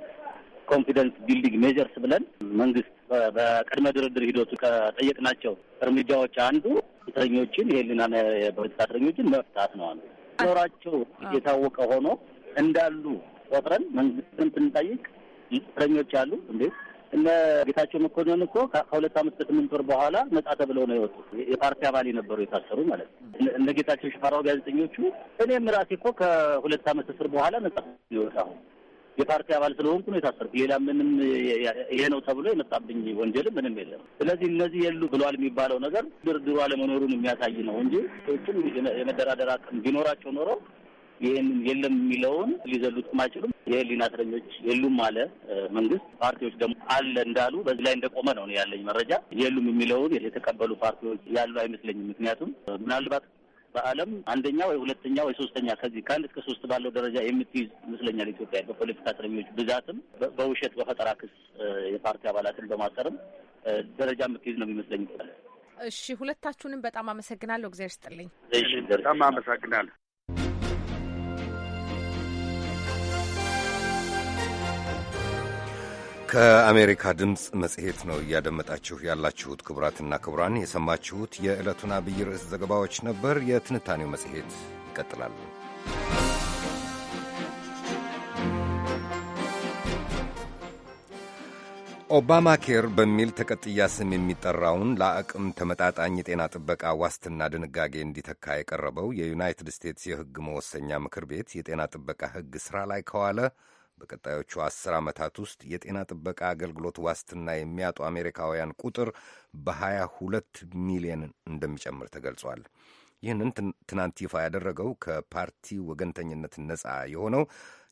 ኮንፊደንስ ቢልዲንግ ሜጀርስ ብለን መንግስት በቅድመ ድርድር ሂደቱ ከጠየቅናቸው እርምጃዎች አንዱ እስረኞችን የህሊና የፖለቲካ እስረኞችን መፍታት ነው። አንዱ ኖራቸው የታወቀ ሆኖ እንዳሉ ቆጥረን መንግስትን ስንጠይቅ እስረኞች አሉ እንዴ? እነ ጌታቸው መኮንን እኮ ከሁለት ዓመት ከስምንት ወር በኋላ ነጻ ተብለው ነው የወጡ የፓርቲ አባል የነበሩ የታሰሩ ማለት ነው። እነ ጌታቸው ሽፈራው ጋዜጠኞቹ እኔም ራሴ እኮ ከሁለት አመት እስር በኋላ ነጻ ይወጣሁ የፓርቲ አባል ስለሆንኩ ነው የታሰርኩ። ሌላ ምንም ይሄ ነው ተብሎ የመጣብኝ ወንጀልም ምንም የለም። ስለዚህ እነዚህ የሉ ብሏል የሚባለው ነገር ድርድሩ አለመኖሩን የሚያሳይ ነው እንጂ ዎችም የመደራደር አቅም ቢኖራቸው ኖረው ይህን የለም የሚለውን ሊዘሉትም አይችሉም። የህሊና እስረኞች የሉም አለ መንግስት። ፓርቲዎች ደግሞ አለ እንዳሉ በዚህ ላይ እንደቆመ ነው ያለኝ መረጃ። የሉም የሚለውን የተቀበሉ ፓርቲዎች ያሉ አይመስለኝም። ምክንያቱም ምናልባት በዓለም አንደኛ ወይ ሁለተኛ ወይ ሶስተኛ ከዚህ ከአንድ እስከ ሶስት ባለው ደረጃ የምትይዝ ይመስለኛል ኢትዮጵያ በፖለቲካ እስረኞች ብዛትም በውሸት በፈጠራ ክስ የፓርቲ አባላትን በማሰርም ደረጃ የምትይዝ ነው የሚመስለኝ። እሺ፣ ሁለታችሁንም በጣም አመሰግናለሁ። እግዚአብሔር ይስጥልኝ። በጣም አመሰግናለሁ። ከአሜሪካ ድምፅ መጽሔት ነው እያደመጣችሁ ያላችሁት። ክቡራትና ክቡራን የሰማችሁት የዕለቱን አብይ ርዕስ ዘገባዎች ነበር። የትንታኔው መጽሔት ይቀጥላል። ኦባማ ኬር በሚል ተቀጥያ ስም የሚጠራውን ለአቅም ተመጣጣኝ የጤና ጥበቃ ዋስትና ድንጋጌ እንዲተካ የቀረበው የዩናይትድ ስቴትስ የሕግ መወሰኛ ምክር ቤት የጤና ጥበቃ ሕግ ሥራ ላይ ከዋለ በቀጣዮቹ አስር ዓመታት ውስጥ የጤና ጥበቃ አገልግሎት ዋስትና የሚያጡ አሜሪካውያን ቁጥር በ22 ሚሊዮን እንደሚጨምር ተገልጿል። ይህንን ትናንት ይፋ ያደረገው ከፓርቲ ወገንተኝነት ነፃ የሆነው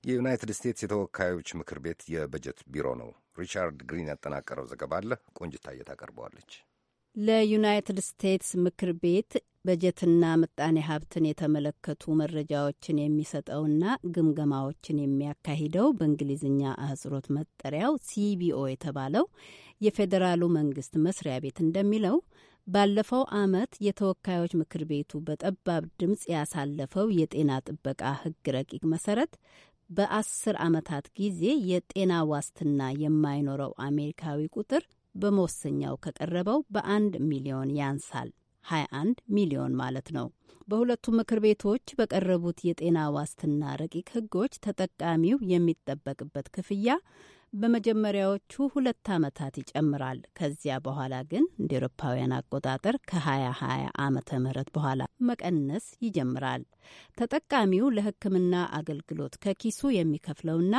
የዩናይትድ ስቴትስ የተወካዮች ምክር ቤት የበጀት ቢሮ ነው። ሪቻርድ ግሪን ያጠናቀረው ዘገባ አለ ቆንጅታየት አቀርበዋለች። ለዩናይትድ ስቴትስ ምክር ቤት በጀትና ምጣኔ ሀብትን የተመለከቱ መረጃዎችን የሚሰጠውና ግምገማዎችን የሚያካሂደው በእንግሊዝኛ አህጽሮት መጠሪያው ሲቢኦ የተባለው የፌዴራሉ መንግስት መስሪያ ቤት እንደሚለው ባለፈው ዓመት የተወካዮች ምክር ቤቱ በጠባብ ድምፅ ያሳለፈው የጤና ጥበቃ ሕግ ረቂቅ መሰረት በአስር ዓመታት ጊዜ የጤና ዋስትና የማይኖረው አሜሪካዊ ቁጥር በመወሰኛው ከቀረበው በአንድ ሚሊዮን ያንሳል። 21 ሚሊዮን ማለት ነው። በሁለቱ ምክር ቤቶች በቀረቡት የጤና ዋስትና ረቂቅ ህጎች ተጠቃሚው የሚጠበቅበት ክፍያ በመጀመሪያዎቹ ሁለት ዓመታት ይጨምራል። ከዚያ በኋላ ግን እንደ ኤሮፓውያን አቆጣጠር ከ2020 ዓመተ ምህረት በኋላ መቀነስ ይጀምራል። ተጠቃሚው ለሕክምና አገልግሎት ከኪሱ የሚከፍለውና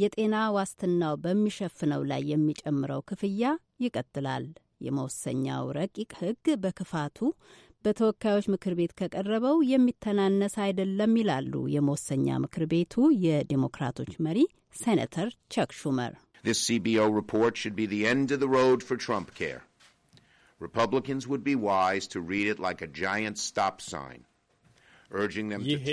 የጤና ዋስትናው በሚሸፍነው ላይ የሚጨምረው ክፍያ ይቀጥላል። የመወሰኛው ረቂቅ ሕግ በክፋቱ በተወካዮች ምክር ቤት ከቀረበው የሚተናነስ አይደለም ይላሉ የመወሰኛ ምክር ቤቱ የዴሞክራቶች መሪ ሴኔተር ቸክ ሹመር። Republicans would be wise to read it like a giant stop sign. ይሄ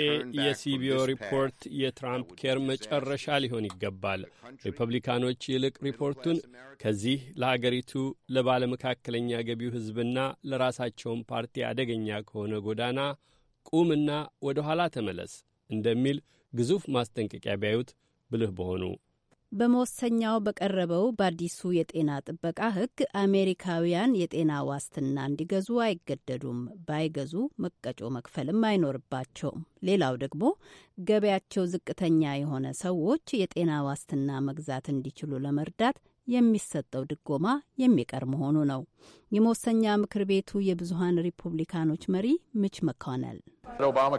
የሲቢዮ ሪፖርት የትራምፕ ኬር መጨረሻ ሊሆን ይገባል። ሪፐብሊካኖች ይልቅ ሪፖርቱን ከዚህ ለአገሪቱ ለባለመካከለኛ ገቢው ሕዝብና ለራሳቸውን ፓርቲ አደገኛ ከሆነ ጎዳና ቁምና ወደ ኋላ ተመለስ እንደሚል ግዙፍ ማስጠንቀቂያ ቢያዩት ብልህ በሆኑ በመወሰኛው በቀረበው በአዲሱ የጤና ጥበቃ ሕግ አሜሪካውያን የጤና ዋስትና እንዲገዙ አይገደዱም። ባይገዙ መቀጮ መክፈልም አይኖርባቸውም። ሌላው ደግሞ ገበያቸው ዝቅተኛ የሆነ ሰዎች የጤና ዋስትና መግዛት እንዲችሉ ለመርዳት የሚሰጠው ድጎማ የሚቀር መሆኑ ነው። የመወሰኛ ምክር ቤቱ የብዙሀን ሪፑብሊካኖች መሪ ምች መኮነል ኦባማ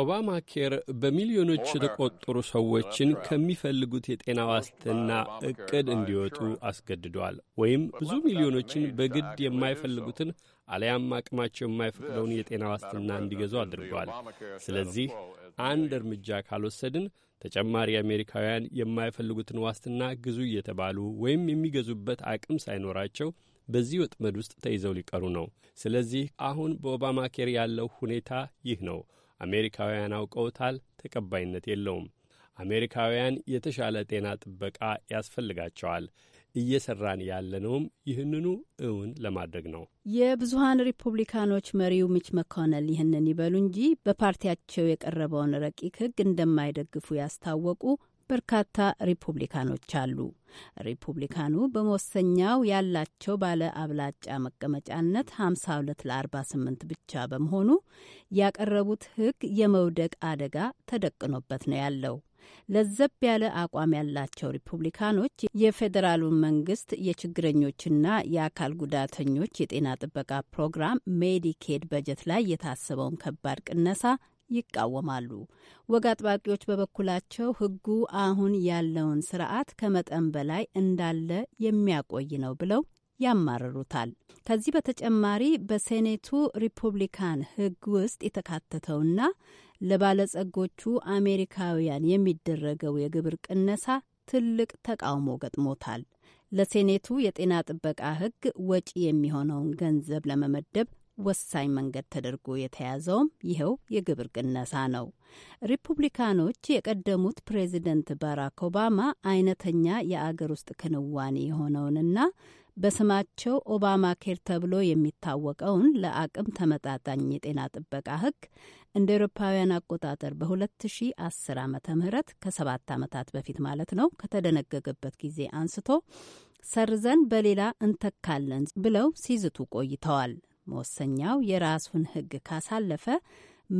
ኦባማ ኬር በሚሊዮኖች የተቆጠሩ ሰዎችን ከሚፈልጉት የጤና ዋስትና እቅድ እንዲወጡ አስገድዷል። ወይም ብዙ ሚሊዮኖችን በግድ uh, የማይፈልጉትን አሊያም አቅማቸው የማይፈቅደውን የጤና ዋስትና እንዲገዙ አድርጓል። ስለዚህ አንድ እርምጃ ካልወሰድን ተጨማሪ አሜሪካውያን የማይፈልጉትን ዋስትና ግዙ እየተባሉ ወይም የሚገዙበት አቅም ሳይኖራቸው በዚህ ወጥመድ ውስጥ ተይዘው ሊቀሩ ነው። ስለዚህ አሁን በኦባማ ኬር ያለው ሁኔታ ይህ ነው። አሜሪካውያን አውቀውታል። ተቀባይነት የለውም። አሜሪካውያን የተሻለ ጤና ጥበቃ ያስፈልጋቸዋል። እየሰራን ያለነውም ይህንኑ እውን ለማድረግ ነው። የብዙሀን ሪፑብሊካኖች መሪው ሚች መኮነል ይህንን ይበሉ እንጂ በፓርቲያቸው የቀረበውን ረቂቅ ሕግ እንደማይደግፉ ያስታወቁ በርካታ ሪፑብሊካኖች አሉ። ሪፑብሊካኑ በመወሰኛው ያላቸው ባለ አብላጫ መቀመጫነት 52 ለ48 ብቻ በመሆኑ ያቀረቡት ሕግ የመውደቅ አደጋ ተደቅኖበት ነው ያለው። ለዘብ ያለ አቋም ያላቸው ሪፑብሊካኖች የፌዴራሉን መንግስት የችግረኞችና የአካል ጉዳተኞች የጤና ጥበቃ ፕሮግራም ሜዲኬድ በጀት ላይ የታሰበውን ከባድ ቅነሳ ይቃወማሉ። ወግ አጥባቂዎች በበኩላቸው ሕጉ አሁን ያለውን ስርዓት ከመጠን በላይ እንዳለ የሚያቆይ ነው ብለው ያማርሩታል። ከዚህ በተጨማሪ በሴኔቱ ሪፑብሊካን ሕግ ውስጥ የተካተተውና ለባለጸጎቹ አሜሪካውያን የሚደረገው የግብር ቅነሳ ትልቅ ተቃውሞ ገጥሞታል። ለሴኔቱ የጤና ጥበቃ ሕግ ወጪ የሚሆነውን ገንዘብ ለመመደብ ወሳኝ መንገድ ተደርጎ የተያዘውም ይኸው የግብር ቅነሳ ነው። ሪፑብሊካኖች የቀደሙት ፕሬዚደንት ባራክ ኦባማ አይነተኛ የአገር ውስጥ ክንዋኔ የሆነውንና በስማቸው ኦባማ ኬር ተብሎ የሚታወቀውን ለአቅም ተመጣጣኝ የጤና ጥበቃ ሕግ እንደ ኤሮፓውያን አቆጣጠር በ2010 ዓ ም ከሰባት ዓመታት በፊት ማለት ነው ከተደነገገበት ጊዜ አንስቶ ሰርዘን በሌላ እንተካለን ብለው ሲዝቱ ቆይተዋል። መወሰኛው የራሱን ህግ ካሳለፈ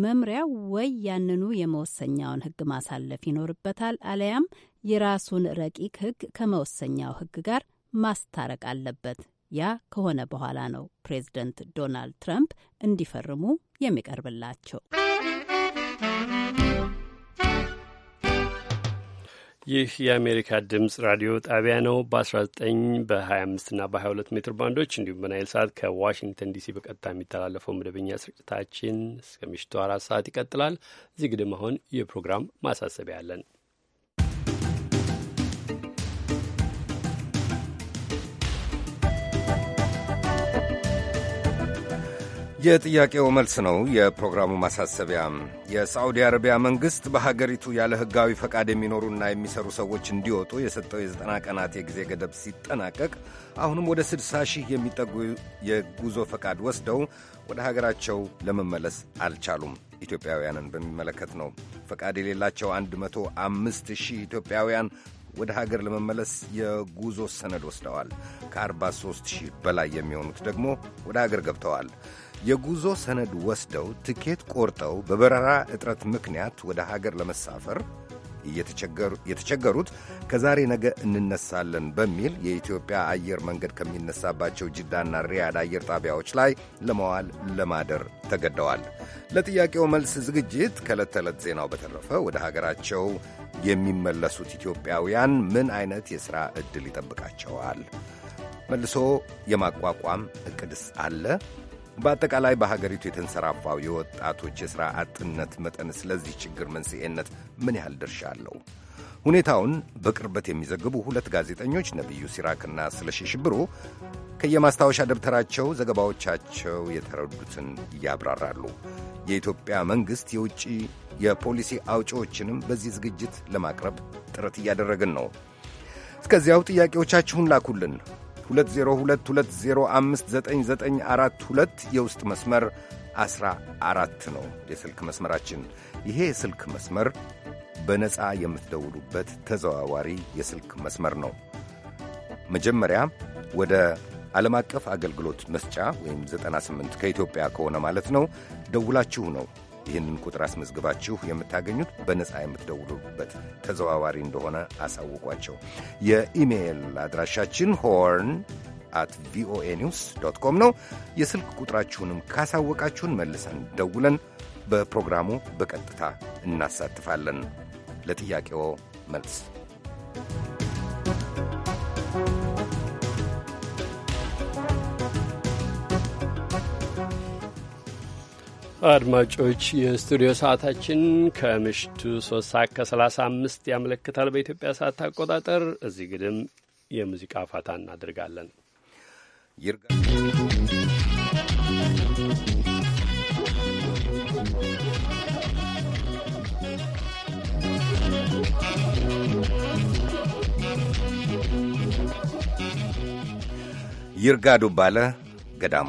መምሪያው ወይ ያንኑ የመወሰኛውን ህግ ማሳለፍ ይኖርበታል፣ አለያም የራሱን ረቂቅ ህግ ከመወሰኛው ህግ ጋር ማስታረቅ አለበት። ያ ከሆነ በኋላ ነው ፕሬዝደንት ዶናልድ ትራምፕ እንዲፈርሙ የሚቀርብላቸው። ይህ የአሜሪካ ድምጽ ራዲዮ ጣቢያ ነው። በ19 በ25ና በ22 ሜትር ባንዶች እንዲሁም በናይል ሰዓት ከዋሽንግተን ዲሲ በቀጥታ የሚተላለፈው መደበኛ ስርጭታችን እስከ ምሽቱ አራት ሰዓት ይቀጥላል። እዚህ ግድም አሁን የፕሮግራም ማሳሰቢያ አለን። የጥያቄው መልስ ነው የፕሮግራሙ ማሳሰቢያ። የሳዑዲ አረቢያ መንግሥት በሀገሪቱ ያለ ሕጋዊ ፈቃድ የሚኖሩና የሚሰሩ ሰዎች እንዲወጡ የሰጠው የዘጠና ቀናት የጊዜ ገደብ ሲጠናቀቅ አሁንም ወደ ስድሳ ሺህ የሚጠጉ የጉዞ ፈቃድ ወስደው ወደ ሀገራቸው ለመመለስ አልቻሉም። ኢትዮጵያውያንን በሚመለከት ነው። ፈቃድ የሌላቸው አንድ መቶ አምስት ሺህ ኢትዮጵያውያን ወደ ሀገር ለመመለስ የጉዞ ሰነድ ወስደዋል። ከ43 ሺህ በላይ የሚሆኑት ደግሞ ወደ ሀገር ገብተዋል። የጉዞ ሰነድ ወስደው ትኬት ቆርጠው በበረራ እጥረት ምክንያት ወደ ሀገር ለመሳፈር የተቸገሩት ከዛሬ ነገ እንነሳለን በሚል የኢትዮጵያ አየር መንገድ ከሚነሳባቸው ጅዳና ሪያድ አየር ጣቢያዎች ላይ ለመዋል ለማደር ተገደዋል። ለጥያቄው መልስ ዝግጅት ከዕለት ተዕለት ዜናው በተረፈ ወደ ሀገራቸው የሚመለሱት ኢትዮጵያውያን ምን አይነት የሥራ ዕድል ይጠብቃቸዋል? መልሶ የማቋቋም ዕቅድስ አለ? በአጠቃላይ በሀገሪቱ የተንሰራፋው የወጣቶች የሥራ አጥነት መጠን ስለዚህ ችግር መንስኤነት ምን ያህል ድርሻ አለው? ሁኔታውን በቅርበት የሚዘግቡ ሁለት ጋዜጠኞች ነቢዩ ሲራክና ስለሺ ሽብሮ ከየማስታወሻ ደብተራቸው ዘገባዎቻቸው የተረዱትን ያብራራሉ። የኢትዮጵያ መንግሥት የውጭ የፖሊሲ አውጪዎችንም በዚህ ዝግጅት ለማቅረብ ጥረት እያደረግን ነው። እስከዚያው ጥያቄዎቻችሁን ላኩልን። 2022059942 የውስጥ መስመር 14 ነው የስልክ መስመራችን። ይሄ የስልክ መስመር በነፃ የምትደውሉበት ተዘዋዋሪ የስልክ መስመር ነው። መጀመሪያ ወደ ዓለም አቀፍ አገልግሎት መስጫ ወይም 98 ከኢትዮጵያ ከሆነ ማለት ነው ደውላችሁ ነው ይህንን ቁጥር አስመዝግባችሁ የምታገኙት በነጻ የምትደውሉበት ተዘዋዋሪ እንደሆነ አሳውቋቸው። የኢሜይል አድራሻችን ሆርን አት ቪኦኤ ኒውስ ዶት ኮም ነው። የስልክ ቁጥራችሁንም ካሳወቃችሁን መልሰን ደውለን በፕሮግራሙ በቀጥታ እናሳትፋለን። ለጥያቄዎ መልስ አድማጮች የስቱዲዮ ሰዓታችን ከምሽቱ ሶስት ሰዓት ከሰላሳ አምስት ያመለክታል በኢትዮጵያ ሰዓት አቆጣጠር። እዚህ ግድም የሙዚቃ ፋታ እናድርጋለን። ይርጋዱ ባለ ገዳሙ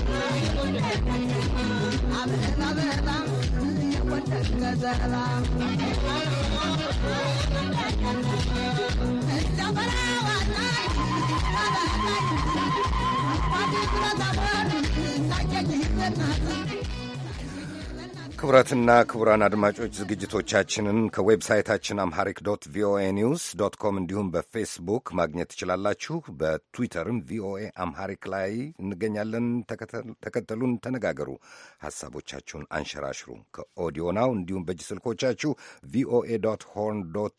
I'm ክቡራትና ክቡራን አድማጮች ዝግጅቶቻችንን ከዌብሳይታችን አምሐሪክ ዶት ቪኦኤ ኒውስ ዶት ኮም እንዲሁም በፌስቡክ ማግኘት ትችላላችሁ። በትዊተርም ቪኦኤ አምሐሪክ ላይ እንገኛለን። ተከተሉን፣ ተነጋገሩ፣ ሐሳቦቻችሁን አንሸራሽሩ። ከኦዲዮ ናው እንዲሁም በእጅ ስልኮቻችሁ ቪኦኤ ዶት ሆርን ዶት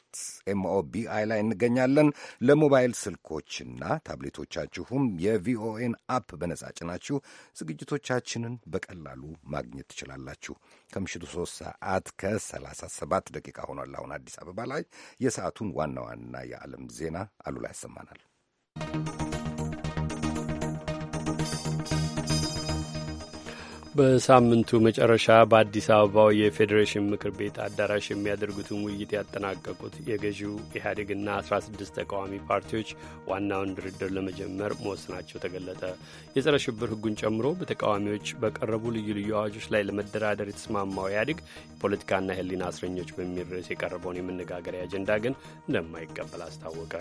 ኤምኦቢአይ ላይ እንገኛለን። ለሞባይል ስልኮችና ታብሌቶቻችሁም የቪኦኤን አፕ በነጻ ጭናችሁ ዝግጅቶቻችንን በቀላሉ ማግኘት ትችላላችሁ። ከምሽቱ 3 ሰዓት ከ37 ደቂቃ ሆኗል። አሁን አዲስ አበባ ላይ የሰዓቱን ዋና ዋና የዓለም ዜና አሉላ ያሰማናል። በሳምንቱ መጨረሻ በአዲስ አበባው የፌዴሬሽን ምክር ቤት አዳራሽ የሚያደርጉትን ውይይት ያጠናቀቁት የገዢው ኢህአዴግና 16 ተቃዋሚ ፓርቲዎች ዋናውን ድርድር ለመጀመር መወሰናቸው ተገለጠ። የጸረ ሽብር ሕጉን ጨምሮ በተቃዋሚዎች በቀረቡ ልዩ ልዩ አዋጆች ላይ ለመደራደር የተስማማው ኢህአዴግ የፖለቲካና የህሊና እስረኞች በሚል ርዕስ የቀረበውን የመነጋገሪያ አጀንዳ ግን እንደማይቀበል አስታወቀ።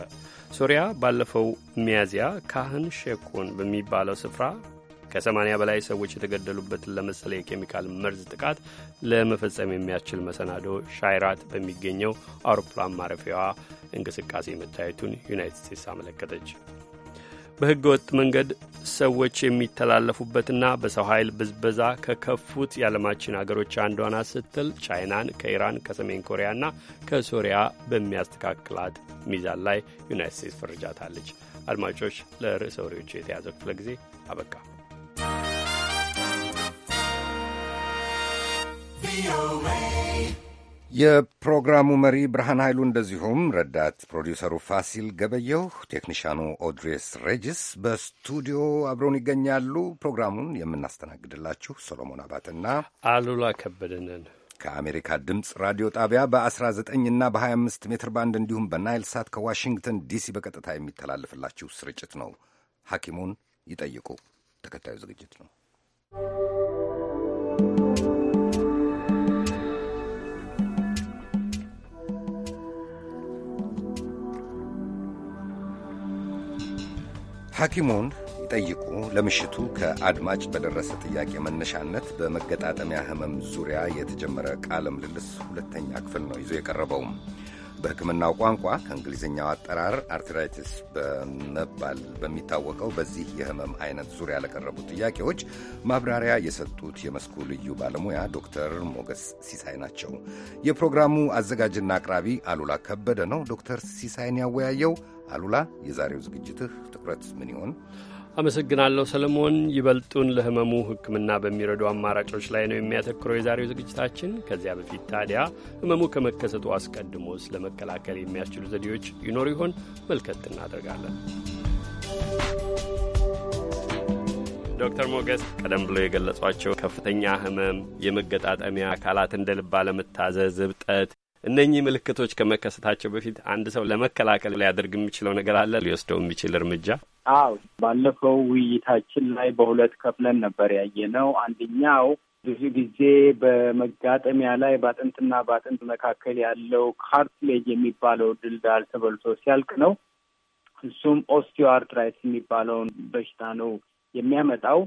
ሶሪያ ባለፈው ሚያዝያ ካህን ሼኮን በሚባለው ስፍራ ከ80 በላይ ሰዎች የተገደሉበትን ለመሰለ የኬሚካል መርዝ ጥቃት ለመፈጸም የሚያስችል መሰናዶ ሻይራት በሚገኘው አውሮፕላን ማረፊያዋ እንቅስቃሴ መታየቱን ዩናይትድ ስቴትስ አመለከተች። በሕገ ወጥ መንገድ ሰዎች የሚተላለፉበትና በሰው ኃይል ብዝበዛ ከከፉት የዓለማችን አገሮች አንዷ ናት ስትል ቻይናን ከኢራን ከሰሜን ኮሪያና ከሶሪያ በሚያስተካክላት ሚዛን ላይ ዩናይት ስቴትስ ፈርጃታለች። አድማጮች፣ ለርዕሰ ወሬዎች የተያዘው ክፍለ ጊዜ አበቃ። የፕሮግራሙ መሪ ብርሃን ኃይሉ እንደዚሁም ረዳት ፕሮዲውሰሩ ፋሲል ገበየው፣ ቴክኒሻኑ ኦድሬስ ሬጅስ በስቱዲዮ አብረውን ይገኛሉ። ፕሮግራሙን የምናስተናግድላችሁ ሶሎሞን አባትና አሉላ ከበደንን ከአሜሪካ ድምፅ ራዲዮ ጣቢያ በ19 እና በ25 ሜትር ባንድ እንዲሁም በናይል ሳት ከዋሽንግተን ዲሲ በቀጥታ የሚተላለፍላችሁ ስርጭት ነው። ሐኪሙን ይጠይቁ ተከታዩ ዝግጅት ነው። ሐኪሙን ይጠይቁ ለምሽቱ ከአድማጭ በደረሰ ጥያቄ መነሻነት በመገጣጠሚያ ህመም ዙሪያ የተጀመረ ቃለ ምልልስ ሁለተኛ ክፍል ነው ይዞ የቀረበውም በሕክምናው ቋንቋ ከእንግሊዝኛው አጠራር አርትራይትስ በመባል በሚታወቀው በዚህ የህመም አይነት ዙሪያ ለቀረቡ ጥያቄዎች ማብራሪያ የሰጡት የመስኩ ልዩ ባለሙያ ዶክተር ሞገስ ሲሳይ ናቸው። የፕሮግራሙ አዘጋጅና አቅራቢ አሉላ ከበደ ነው። ዶክተር ሲሳይን ያወያየው አሉላ፣ የዛሬው ዝግጅትህ ትኩረት ምን ይሆን? አመሰግናለሁ ሰለሞን። ይበልጡን ለህመሙ ሕክምና በሚረዱ አማራጮች ላይ ነው የሚያተኩረው የዛሬው ዝግጅታችን። ከዚያ በፊት ታዲያ ህመሙ ከመከሰቱ አስቀድሞ ለመከላከል የሚያስችሉ ዘዴዎች ይኖሩ ይሆን? መልከት እናደርጋለን። ዶክተር ሞገስ ቀደም ብሎ የገለጿቸው ከፍተኛ ህመም፣ የመገጣጠሚያ አካላት እንደ ልብ አለመታዘዝ፣ እብጠት፣ እነኚህ ምልክቶች ከመከሰታቸው በፊት አንድ ሰው ለመከላከል ሊያደርግ የሚችለው ነገር አለ፣ ሊወስደው የሚችል እርምጃ? አዎ፣ ባለፈው ውይይታችን ላይ በሁለት ከፍለን ነበር ያየ ነው። አንደኛው ብዙ ጊዜ በመጋጠሚያ ላይ በአጥንትና በአጥንት መካከል ያለው ካርትሌጅ የሚባለው ድልዳል ተበልቶ ሲያልቅ ነው። እሱም ኦስቲዮአርትራይት የሚባለውን በሽታ ነው የሚያመጣው።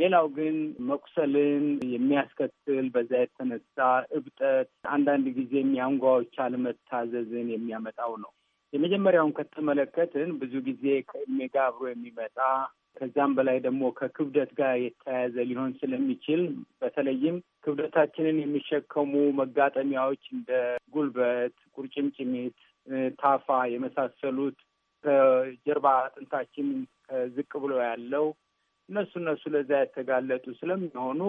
ሌላው ግን መቁሰልን የሚያስከትል በዛ የተነሳ እብጠት፣ አንዳንድ ጊዜ የሚያንጓዎች አለመታዘዝን የሚያመጣው ነው። የመጀመሪያውን ከተመለከትን ብዙ ጊዜ ከእድሜ ጋር አብሮ የሚመጣ ከዛም በላይ ደግሞ ከክብደት ጋር የተያያዘ ሊሆን ስለሚችል በተለይም ክብደታችንን የሚሸከሙ መጋጠሚያዎች እንደ ጉልበት፣ ቁርጭምጭሚት፣ ታፋ የመሳሰሉት ከጀርባ አጥንታችን ዝቅ ብሎ ያለው እነሱ እነሱ ለዛ የተጋለጡ ስለሚሆኑ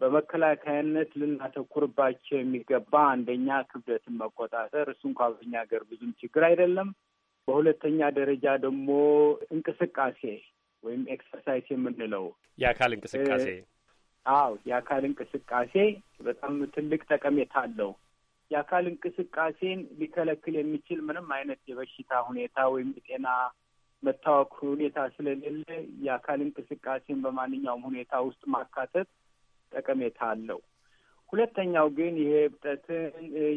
በመከላከያነት ልናተኩርባቸው የሚገባ አንደኛ ክብደትን መቆጣጠር፣ እሱ እንኳ በኛ ሀገር ብዙም ችግር አይደለም። በሁለተኛ ደረጃ ደግሞ እንቅስቃሴ ወይም ኤክሰርሳይዝ የምንለው የአካል እንቅስቃሴ አው የአካል እንቅስቃሴ በጣም ትልቅ ጠቀሜታ አለው። የአካል እንቅስቃሴን ሊከለክል የሚችል ምንም አይነት የበሽታ ሁኔታ ወይም የጤና መታወቅ ሁኔታ ስለሌለ የአካል እንቅስቃሴን በማንኛውም ሁኔታ ውስጥ ማካተት ጠቀሜታ አለው። ሁለተኛው ግን ይሄ እብጠትን፣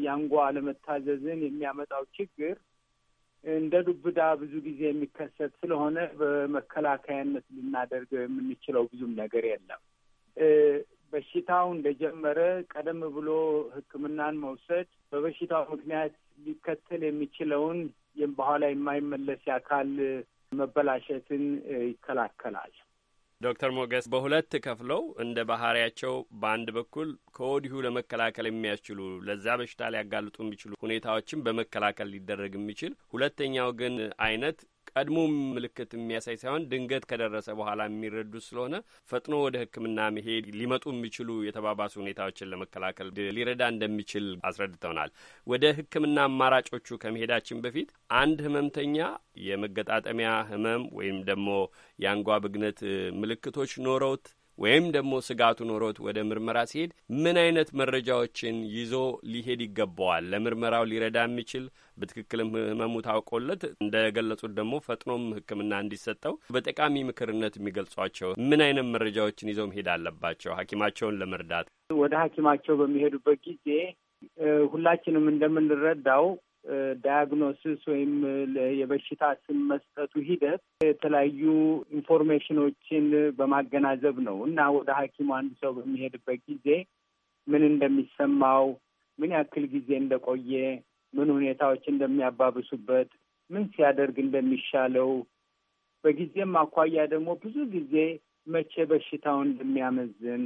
የአንጓ አለመታዘዝን የሚያመጣው ችግር እንደ ዱብዳ ብዙ ጊዜ የሚከሰት ስለሆነ በመከላከያነት ልናደርገው የምንችለው ብዙም ነገር የለም። በሽታው እንደጀመረ ቀደም ብሎ ሕክምናን መውሰድ በበሽታው ምክንያት ሊከተል የሚችለውን በኋላ የማይመለስ የአካል መበላሸትን ይከላከላል። ዶክተር ሞገስ በሁለት ከፍለው እንደ ባህሪያቸው በአንድ በኩል ከወዲሁ ለመከላከል የሚያስችሉ ለዛ በሽታ ሊያጋልጡ የሚችሉ ሁኔታዎችን በመከላከል ሊደረግ የሚችል ሁለተኛው ግን አይነት ቀድሞ ምልክት የሚያሳይ ሳይሆን ድንገት ከደረሰ በኋላ የሚረዱ ስለሆነ ፈጥኖ ወደ ሕክምና መሄድ ሊመጡ የሚችሉ የተባባሱ ሁኔታዎችን ለመከላከል ሊረዳ እንደሚችል አስረድተውናል። ወደ ሕክምና አማራጮቹ ከመሄዳችን በፊት አንድ ህመምተኛ የመገጣጠሚያ ህመም ወይም ደግሞ የአንጓ ብግነት ምልክቶች ኖረውት ወይም ደግሞ ስጋቱ ኖሮት ወደ ምርመራ ሲሄድ ምን አይነት መረጃዎችን ይዞ ሊሄድ ይገባዋል? ለምርመራው ሊረዳ የሚችል በትክክልም ህመሙ ታውቆለት እንደ ገለጹት ደግሞ ፈጥኖም ሕክምና እንዲሰጠው በጠቃሚ ምክርነት የሚገልጿቸው ምን አይነት መረጃዎችን ይዘው መሄድ አለባቸው? ሐኪማቸውን ለመርዳት ወደ ሐኪማቸው በሚሄዱበት ጊዜ ሁላችንም እንደምንረዳው ዳያግኖሲስ ወይም የበሽታ ስም መስጠቱ ሂደት የተለያዩ ኢንፎርሜሽኖችን በማገናዘብ ነው እና ወደ ሐኪሙ አንድ ሰው በሚሄድበት ጊዜ ምን እንደሚሰማው፣ ምን ያክል ጊዜ እንደቆየ፣ ምን ሁኔታዎች እንደሚያባብሱበት፣ ምን ሲያደርግ እንደሚሻለው በጊዜም አኳያ ደግሞ ብዙ ጊዜ መቼ በሽታው እንደሚያመዝን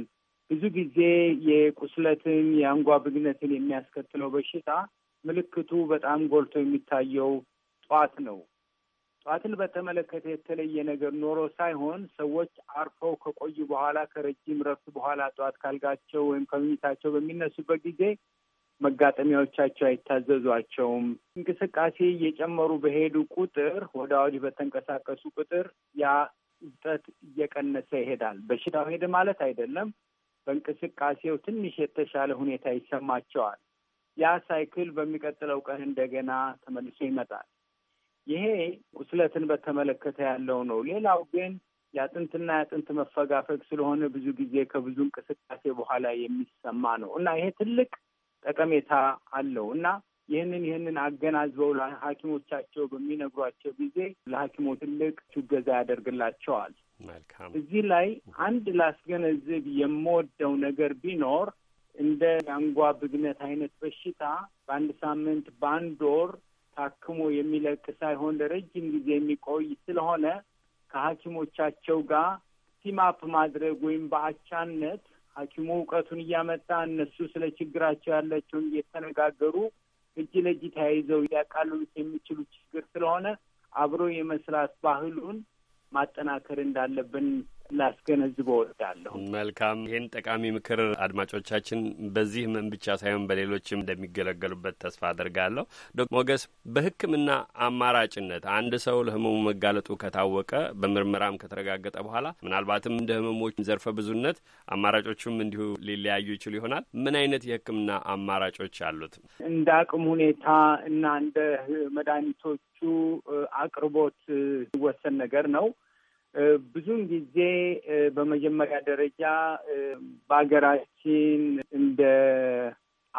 ብዙ ጊዜ የቁስለትን የአንጓ ብግነትን የሚያስከትለው በሽታ ምልክቱ በጣም ጎልቶ የሚታየው ጧት ነው። ጧትን በተመለከተ የተለየ ነገር ኖሮ ሳይሆን ሰዎች አርፈው ከቆዩ በኋላ ከረጅም ረፍት በኋላ ጧት ካልጋቸው ወይም ከመኝታቸው በሚነሱበት ጊዜ መጋጠሚያዎቻቸው አይታዘዟቸውም። እንቅስቃሴ እየጨመሩ በሄዱ ቁጥር ወደ ወዲህ በተንቀሳቀሱ ቁጥር ያ እብጠት እየቀነሰ ይሄዳል። በሽታው ሄደ ማለት አይደለም። በእንቅስቃሴው ትንሽ የተሻለ ሁኔታ ይሰማቸዋል። ያ ሳይክል በሚቀጥለው ቀን እንደገና ተመልሶ ይመጣል። ይሄ ቁስለትን በተመለከተ ያለው ነው። ሌላው ግን የአጥንትና የአጥንት መፈጋፈግ ስለሆነ ብዙ ጊዜ ከብዙ እንቅስቃሴ በኋላ የሚሰማ ነው እና ይሄ ትልቅ ጠቀሜታ አለው እና ይህንን ይህንን አገናዝበው ለሐኪሞቻቸው በሚነግሯቸው ጊዜ ለሐኪሞ ትልቅ እገዛ ያደርግላቸዋል። እዚህ ላይ አንድ ላስገነዝብ የምወደው ነገር ቢኖር እንደ ያንጓ ብግነት አይነት በሽታ በአንድ ሳምንት በአንድ ወር ታክሞ የሚለቅ ሳይሆን ለረጅም ጊዜ የሚቆይ ስለሆነ ከሐኪሞቻቸው ጋር ሲማፕ ማድረግ ወይም በአቻነት ሐኪሙ እውቀቱን እያመጣ እነሱ ስለ ችግራቸው ያላቸውን እየተነጋገሩ እጅ ለእጅ ተያይዘው ሊያቃልሉት የሚችሉ ችግር ስለሆነ አብሮ የመስራት ባህሉን ማጠናከር እንዳለብን ላስገነዝበ ወዳለሁ። መልካም። ይህን ጠቃሚ ምክር አድማጮቻችን በዚህ ምን ብቻ ሳይሆን በሌሎችም እንደሚገለገሉበት ተስፋ አድርጋለሁ። ዶክተር ሞገስ በህክምና አማራጭነት አንድ ሰው ለህመሙ መጋለጡ ከታወቀ በምርመራም ከተረጋገጠ በኋላ ምናልባትም እንደ ህመሞች ዘርፈ ብዙነት አማራጮቹም እንዲሁ ሊለያዩ ይችሉ ይሆናል። ምን አይነት የህክምና አማራጮች አሉት? እንደ አቅም ሁኔታ እና እንደ መድኃኒቶቹ አቅርቦት ይወሰን ነገር ነው። ብዙውን ጊዜ በመጀመሪያ ደረጃ በሀገራችን እንደ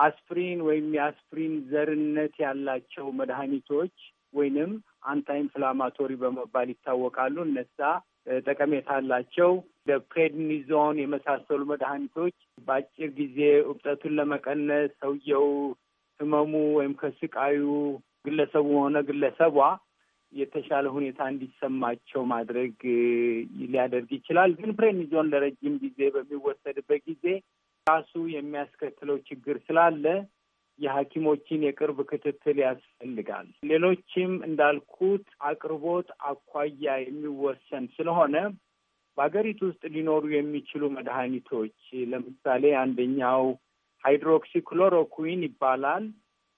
አስፕሪን ወይም የአስፕሪን ዘርነት ያላቸው መድኃኒቶች ወይንም አንታይ ኢንፍላማቶሪ በመባል ይታወቃሉ። እነሳ ጠቀሜታ አላቸው። እንደ ፕሬድኒዞን የመሳሰሉ መድኃኒቶች በአጭር ጊዜ እብጠቱን ለመቀነስ ሰውየው ህመሙ ወይም ከስቃዩ ግለሰቡ ሆነ ግለሰቧ የተሻለ ሁኔታ እንዲሰማቸው ማድረግ ሊያደርግ ይችላል። ግን ፕሬኒዞን ለረጅም ጊዜ በሚወሰድበት ጊዜ ራሱ የሚያስከትለው ችግር ስላለ የሐኪሞችን የቅርብ ክትትል ያስፈልጋል። ሌሎችም እንዳልኩት አቅርቦት አኳያ የሚወሰን ስለሆነ በሀገሪቱ ውስጥ ሊኖሩ የሚችሉ መድኃኒቶች ለምሳሌ አንደኛው ሃይድሮክሲ ይባላል።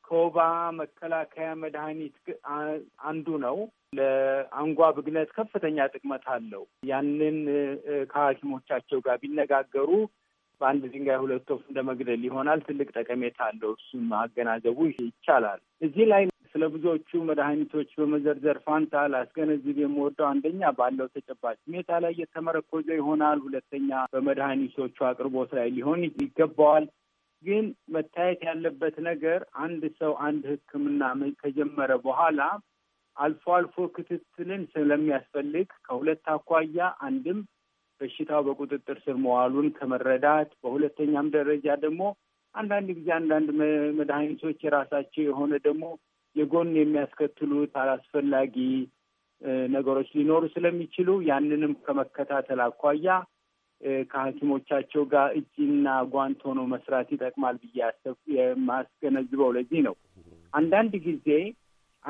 ከወባ መከላከያ መድኃኒት አንዱ ነው። ለአንጓ ብግነት ከፍተኛ ጥቅመት አለው። ያንን ከሐኪሞቻቸው ጋር ቢነጋገሩ በአንድ ድንጋይ ሁለት ወፍ እንደመግደል ይሆናል። ትልቅ ጠቀሜታ አለው። እሱም ማገናዘቡ ይቻላል። እዚህ ላይ ስለ ብዙዎቹ መድኃኒቶች በመዘርዘር ፋንታ ላስገነዝብ የምወደው አንደኛ ባለው ተጨባጭ ሁኔታ ላይ የተመረኮዘ ይሆናል። ሁለተኛ በመድኃኒቶቹ አቅርቦት ላይ ሊሆን ይገባዋል። ግን መታየት ያለበት ነገር አንድ ሰው አንድ ሕክምና ከጀመረ በኋላ አልፎ አልፎ ክትትልን ስለሚያስፈልግ ከሁለት አኳያ አንድም በሽታው በቁጥጥር ስር መዋሉን ከመረዳት በሁለተኛም ደረጃ ደግሞ አንዳንድ ጊዜ አንዳንድ መድኃኒቶች የራሳቸው የሆነ ደግሞ የጎን የሚያስከትሉት አላስፈላጊ ነገሮች ሊኖሩ ስለሚችሉ ያንንም ከመከታተል አኳያ ከሐኪሞቻቸው ጋር እጅና ጓንት ሆኖ መስራት ይጠቅማል ብዬ አሰብ የማስገነዝበው ለዚህ ነው። አንዳንድ ጊዜ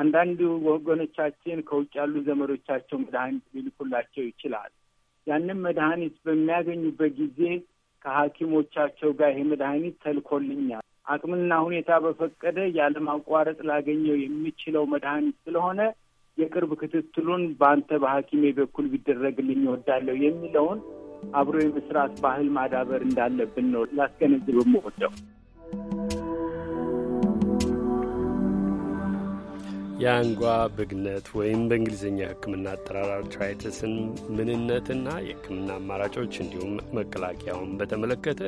አንዳንድ ወገኖቻችን ከውጭ ያሉ ዘመዶቻቸው መድኃኒት ሊልኩላቸው ይችላል። ያንን መድኃኒት በሚያገኙበት ጊዜ ከሐኪሞቻቸው ጋር ይሄ መድኃኒት ተልኮልኛል፣ አቅምና ሁኔታ በፈቀደ ያለማቋረጥ ላገኘው የሚችለው መድኃኒት ስለሆነ የቅርብ ክትትሉን በአንተ በሐኪሜ በኩል ቢደረግልኝ እወዳለሁ የሚለውን አብሮ የመስራት ባህል ማዳበር እንዳለብን ነው ላስገነዝብ ወደው የአንጓ ብግነት ወይም በእንግሊዝኛ ሕክምና አጠራር አርትራይተስን ምንነትና የሕክምና አማራጮች እንዲሁም መከላከያውን በተመለከተ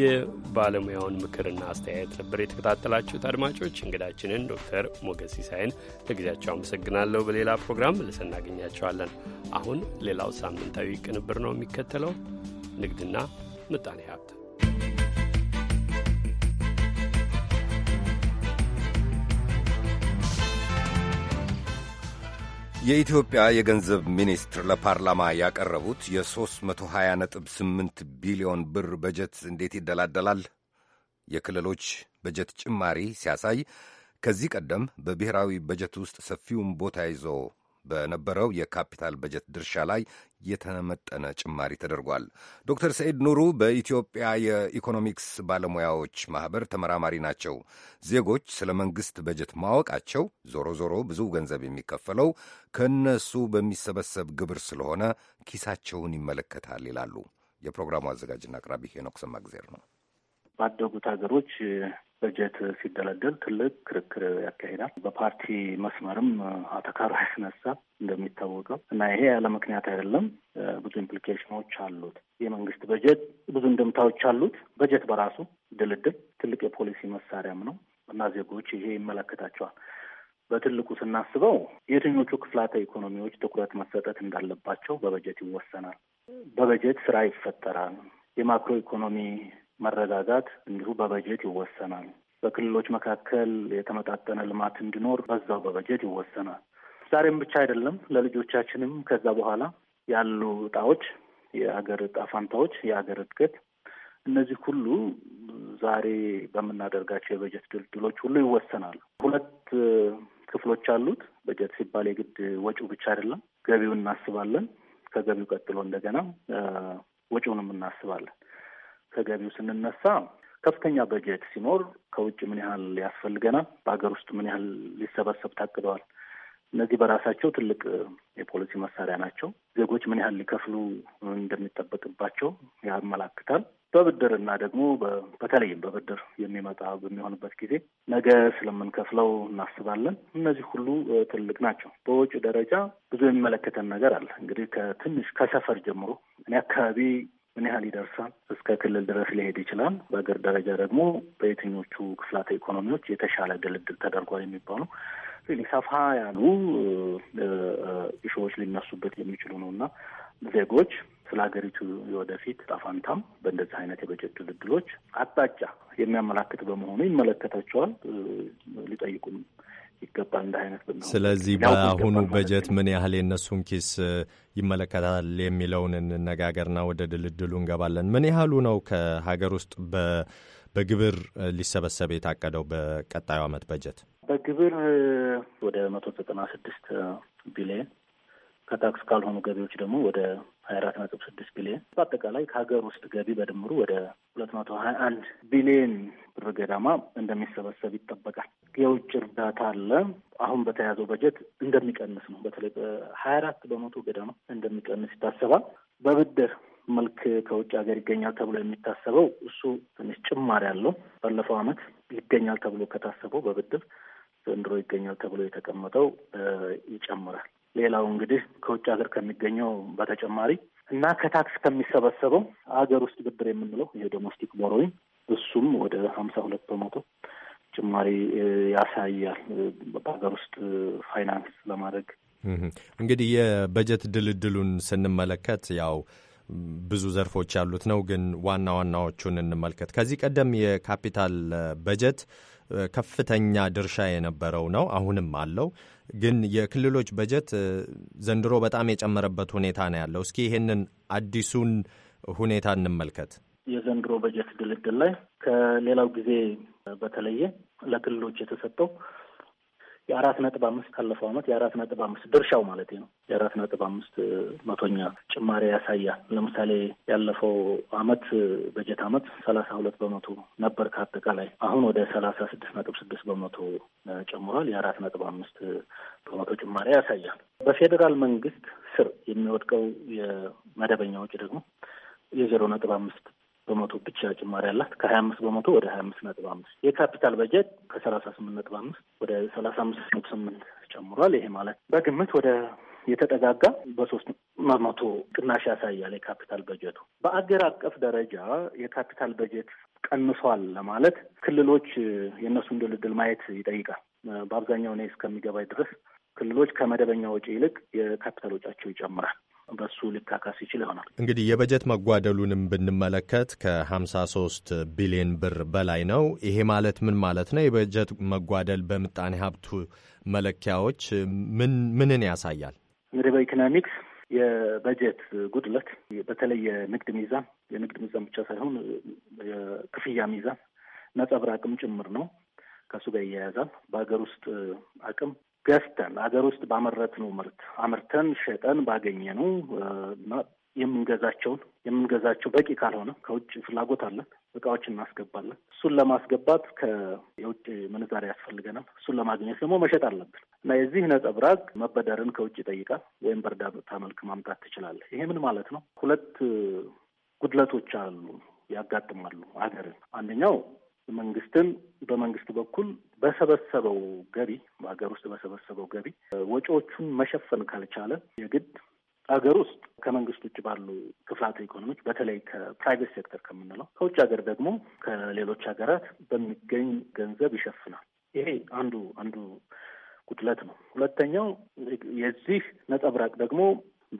የባለሙያውን ምክርና አስተያየት ነበር የተከታተላችሁት። አድማጮች እንግዳችንን ዶክተር ሞገስ ሲሳይን ለጊዜያቸው አመሰግናለሁ። በሌላ ፕሮግራም መልስ እናገኛቸዋለን። አሁን ሌላው ሳምንታዊ ቅንብር ነው የሚከተለው፣ ንግድና ምጣኔ ሀብት የኢትዮጵያ የገንዘብ ሚኒስትር ለፓርላማ ያቀረቡት የ320.8 ቢሊዮን ብር በጀት እንዴት ይደላደላል? የክልሎች በጀት ጭማሪ ሲያሳይ ከዚህ ቀደም በብሔራዊ በጀት ውስጥ ሰፊውን ቦታ ይዞ በነበረው የካፒታል በጀት ድርሻ ላይ የተመጠነ ጭማሪ ተደርጓል። ዶክተር ሰኢድ ኑሩ በኢትዮጵያ የኢኮኖሚክስ ባለሙያዎች ማኅበር ተመራማሪ ናቸው። ዜጎች ስለ መንግሥት በጀት ማወቃቸው ዞሮ ዞሮ ብዙ ገንዘብ የሚከፈለው ከእነሱ በሚሰበሰብ ግብር ስለሆነ ኪሳቸውን ይመለከታል ይላሉ። የፕሮግራሙ አዘጋጅና አቅራቢ ሄኖክ ሰማግዜር ነው። ባደጉት ሀገሮች በጀት ሲደለደል ትልቅ ክርክር ያካሂዳል። በፓርቲ መስመርም አተካራ ያስነሳ እንደሚታወቀው እና ይሄ ያለ ምክንያት አይደለም። ብዙ ኢምፕሊኬሽኖች አሉት። የመንግስት በጀት ብዙ እንድምታዎች አሉት። በጀት በራሱ ድልድል ትልቅ የፖሊሲ መሳሪያም ነው እና ዜጎች ይሄ ይመለከታቸዋል። በትልቁ ስናስበው የትኞቹ ክፍላተ ኢኮኖሚዎች ትኩረት መሰጠት እንዳለባቸው በበጀት ይወሰናል። በበጀት ስራ ይፈጠራል። የማክሮ ኢኮኖሚ መረጋጋት እንዲሁ በበጀት ይወሰናል። በክልሎች መካከል የተመጣጠነ ልማት እንዲኖር በዛው በበጀት ይወሰናል። ዛሬም ብቻ አይደለም፣ ለልጆቻችንም ከዛ በኋላ ያሉ እጣዎች፣ የሀገር እጣ ፋንታዎች፣ የሀገር እድገት እነዚህ ሁሉ ዛሬ በምናደርጋቸው የበጀት ድልድሎች ሁሉ ይወሰናል። ሁለት ክፍሎች አሉት። በጀት ሲባል የግድ ወጪው ብቻ አይደለም። ገቢውን እናስባለን። ከገቢው ቀጥሎ እንደገና ወጪውንም እናስባለን። ተገቢው ስንነሳ ከፍተኛ በጀት ሲኖር ከውጭ ምን ያህል ያስፈልገናል፣ በሀገር ውስጥ ምን ያህል ሊሰበሰብ ታቅደዋል። እነዚህ በራሳቸው ትልቅ የፖሊሲ መሳሪያ ናቸው። ዜጎች ምን ያህል ሊከፍሉ እንደሚጠበቅባቸው ያመላክታል። በብድርና ደግሞ በተለይም በብድር የሚመጣ በሚሆንበት ጊዜ ነገ ስለምንከፍለው እናስባለን። እነዚህ ሁሉ ትልቅ ናቸው። በውጭ ደረጃ ብዙ የሚመለከተን ነገር አለ። እንግዲህ ከትንሽ ከሰፈር ጀምሮ እኔ አካባቢ ምን ያህል ይደርሳል? እስከ ክልል ድረስ ሊሄድ ይችላል። በሀገር ደረጃ ደግሞ በየትኞቹ ክፍላተ ኢኮኖሚዎች የተሻለ ድልድል ተደርጓል የሚባሉ ሰፋ ያሉ እሾዎች ሊነሱበት የሚችሉ ነው እና ዜጎች ስለ ሀገሪቱ የወደፊት ጣፋንታም በእንደዚህ አይነት የበጀት ድልድሎች አቅጣጫ የሚያመላክት በመሆኑ ይመለከታቸዋል፣ ሊጠይቁም ይገባል። እንደ አይነት ስለዚህ በአሁኑ በጀት ምን ያህል የእነሱን ኪስ ይመለከታል የሚለውን እንነጋገርና ወደ ድልድሉ እንገባለን። ምን ያህሉ ነው ከሀገር ውስጥ በግብር ሊሰበሰብ የታቀደው በቀጣዩ ዓመት በጀት? በግብር ወደ መቶ ዘጠና ስድስት ቢሊየን ከታክስ ካልሆኑ ገቢዎች ደግሞ ወደ ሀያ አራት ነጥብ ስድስት ቢሊየን በአጠቃላይ ከሀገር ውስጥ ገቢ በድምሩ ወደ ሁለት መቶ ሀያ አንድ ቢሊየን ብር ገዳማ እንደሚሰበሰብ ይጠበቃል። የውጭ እርዳታ አለ። አሁን በተያዘው በጀት እንደሚቀንስ ነው። በተለይ በሀያ አራት በመቶ ገደማ እንደሚቀንስ ይታሰባል። በብድር መልክ ከውጭ ሀገር ይገኛል ተብሎ የሚታሰበው እሱ ትንሽ ጭማሪ አለው። ባለፈው ዓመት ይገኛል ተብሎ ከታሰበው በብድር ዘንድሮ ይገኛል ተብሎ የተቀመጠው ይጨምራል። ሌላው እንግዲህ ከውጭ ሀገር ከሚገኘው በተጨማሪ እና ከታክስ ከሚሰበሰበው ሀገር ውስጥ ብድር የምንለው ይሄ ዶሜስቲክ ቦሮዊንግ እሱም ወደ ሀምሳ ሁለት በመቶ ጭማሪ ያሳያል። በሀገር ውስጥ ፋይናንስ ለማድረግ እንግዲህ የበጀት ድልድሉን ስንመለከት ያው ብዙ ዘርፎች ያሉት ነው። ግን ዋና ዋናዎቹን እንመልከት። ከዚህ ቀደም የካፒታል በጀት ከፍተኛ ድርሻ የነበረው ነው፣ አሁንም አለው። ግን የክልሎች በጀት ዘንድሮ በጣም የጨመረበት ሁኔታ ነው ያለው። እስኪ ይሄንን አዲሱን ሁኔታ እንመልከት። የዘንድሮ በጀት ድልድል ላይ ከሌላው ጊዜ በተለየ ለክልሎች የተሰጠው የአራት ነጥብ አምስት ካለፈው አመት የአራት ነጥብ አምስት ድርሻው ማለት ነው የአራት ነጥብ አምስት መቶኛ ጭማሪ ያሳያል። ለምሳሌ ያለፈው አመት በጀት አመት ሰላሳ ሁለት በመቶ ነበር ከአጠቃላይ አሁን ወደ ሰላሳ ስድስት ነጥብ ስድስት በመቶ ጨምሯል። የአራት ነጥብ አምስት በመቶ ጭማሪ ያሳያል። በፌዴራል መንግስት ስር የሚወድቀው የመደበኛ ወጪ ደግሞ የዜሮ ነጥብ አምስት በመቶ ብቻ ጭማሪ አላት ከሀያ አምስት በመቶ ወደ ሀያ አምስት ነጥብ አምስት የካፒታል በጀት ከሰላሳ ስምንት ነጥብ አምስት ወደ ሰላሳ አምስት ነጥብ ስምንት ጨምሯል። ይሄ ማለት በግምት ወደ የተጠጋጋ በሶስት በመቶ ቅናሽ ያሳያል የካፒታል በጀቱ። በአገር አቀፍ ደረጃ የካፒታል በጀት ቀንሷል ለማለት ክልሎች የእነሱን ድልድል ማየት ይጠይቃል። በአብዛኛው እኔ እስከሚገባኝ ድረስ ክልሎች ከመደበኛ ወጪ ይልቅ የካፒታል ወጫቸው ይጨምራል። በሱ ሊካካስ ይችል ይሆናል። እንግዲህ የበጀት መጓደሉንም ብንመለከት ከ ሶስት ቢሊዮን ብር በላይ ነው። ይሄ ማለት ምን ማለት ነው? የበጀት መጓደል በምጣኔ ሀብቱ መለኪያዎች ምንን ያሳያል? እንግዲህ በኢኮኖሚክስ የበጀት ጉድለት በተለይ የንግድ ሚዛን የንግድ ሚዛን ብቻ ሳይሆን የክፍያ ሚዛን ነጸብራቅም ጭምር ነው። ከእሱ ጋር ይያያዛል። በሀገር ውስጥ አቅም ገዝተን አገር ውስጥ ባመረትነው ምርት አምርተን ሸጠን ባገኘነው የምንገዛቸውን የምንገዛቸው በቂ ካልሆነ ከውጭ ፍላጎት አለን፣ እቃዎችን እናስገባለን። እሱን ለማስገባት ከየውጭ ምንዛሪ ያስፈልገናል። እሱን ለማግኘት ደግሞ መሸጥ አለብን እና የዚህ ነጸብራቅ መበደርን ከውጭ ይጠይቃል፣ ወይም በእርዳታ መልክ ማምጣት ትችላለህ። ይሄ ምን ማለት ነው? ሁለት ጉድለቶች አሉ ያጋጥማሉ አገርን። አንደኛው መንግስትን በመንግስት በኩል በሰበሰበው ገቢ በሀገር ውስጥ በሰበሰበው ገቢ ወጪዎቹን መሸፈን ካልቻለ የግድ ሀገር ውስጥ ከመንግስት ውጭ ባሉ ክፍላተ ኢኮኖሚዎች በተለይ ከፕራይቬት ሴክተር ከምንለው ከውጭ ሀገር ደግሞ ከሌሎች ሀገራት በሚገኝ ገንዘብ ይሸፍናል። ይሄ አንዱ አንዱ ጉድለት ነው። ሁለተኛው የዚህ ነጠብራቅ ደግሞ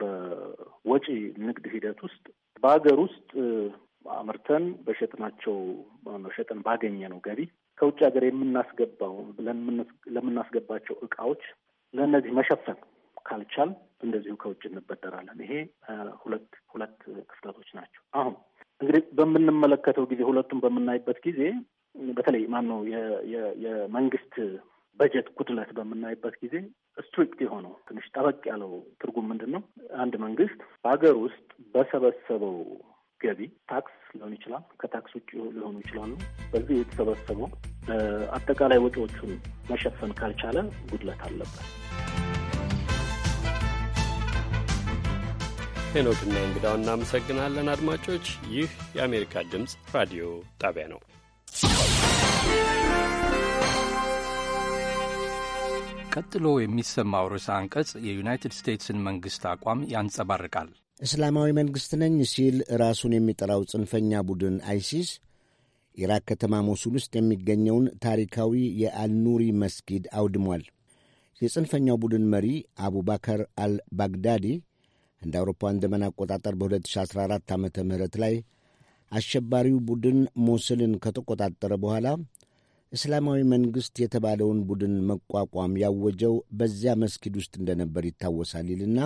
በወጪ ንግድ ሂደት ውስጥ በሀገር ውስጥ አምርተን በሸጥናቸው ሸጠን ባገኘ ነው ገቢ ከውጭ ሀገር የምናስገባው ለምናስገባቸው እቃዎች ለእነዚህ መሸፈን ካልቻል እንደዚሁ ከውጭ እንበደራለን። ይሄ ሁለት ሁለት ክፍተቶች ናቸው። አሁን እንግዲህ በምንመለከተው ጊዜ ሁለቱም በምናይበት ጊዜ በተለይ ማነው የመንግስት በጀት ጉድለት በምናይበት ጊዜ ስትሪክት የሆነው ትንሽ ጠበቅ ያለው ትርጉም ምንድን ነው? አንድ መንግስት በሀገር ውስጥ በሰበሰበው ገቢ ታክስ ሊሆን ይችላል፣ ከታክስ ውጭ ሊሆኑ ይችላሉ። በዚህ የተሰበሰበው አጠቃላይ ወጪዎቹን መሸፈን ካልቻለ ጉድለት አለበት። ሄኖክና እንግዳው እናመሰግናለን። አድማጮች፣ ይህ የአሜሪካ ድምፅ ራዲዮ ጣቢያ ነው። ቀጥሎ የሚሰማው ርዕሰ አንቀጽ የዩናይትድ ስቴትስን መንግሥት አቋም ያንጸባርቃል። እስላማዊ መንግሥት ነኝ ሲል ራሱን የሚጠራው ጽንፈኛ ቡድን አይሲስ ኢራቅ ከተማ ሞሱል ውስጥ የሚገኘውን ታሪካዊ የአልኑሪ መስጊድ አውድሟል። የጽንፈኛው ቡድን መሪ አቡባከር አልባግዳዲ እንደ አውሮፓውያን ዘመን አቆጣጠር በ2014 ዓ ም ላይ አሸባሪው ቡድን ሞስልን ከተቆጣጠረ በኋላ እስላማዊ መንግሥት የተባለውን ቡድን መቋቋም ያወጀው በዚያ መስጊድ ውስጥ እንደነበር ይታወሳል ይልና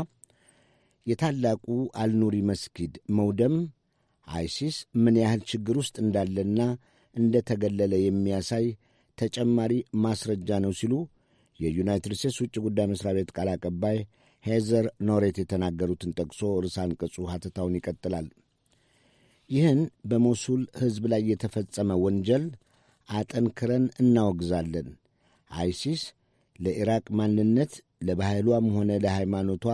የታላቁ አልኑሪ መስጊድ መውደም አይሲስ ምን ያህል ችግር ውስጥ እንዳለና እንደ ተገለለ የሚያሳይ ተጨማሪ ማስረጃ ነው ሲሉ የዩናይትድ ስቴትስ ውጭ ጉዳይ መሥሪያ ቤት ቃል አቀባይ ሄዘር ኖሬት የተናገሩትን ጠቅሶ ርዕሰ አንቀጹ ሐተታውን ይቀጥላል። ይህን በሞሱል ሕዝብ ላይ የተፈጸመ ወንጀል አጠንክረን እናወግዛለን። አይሲስ ለኢራቅ ማንነት ለባህሏም ሆነ ለሃይማኖቷ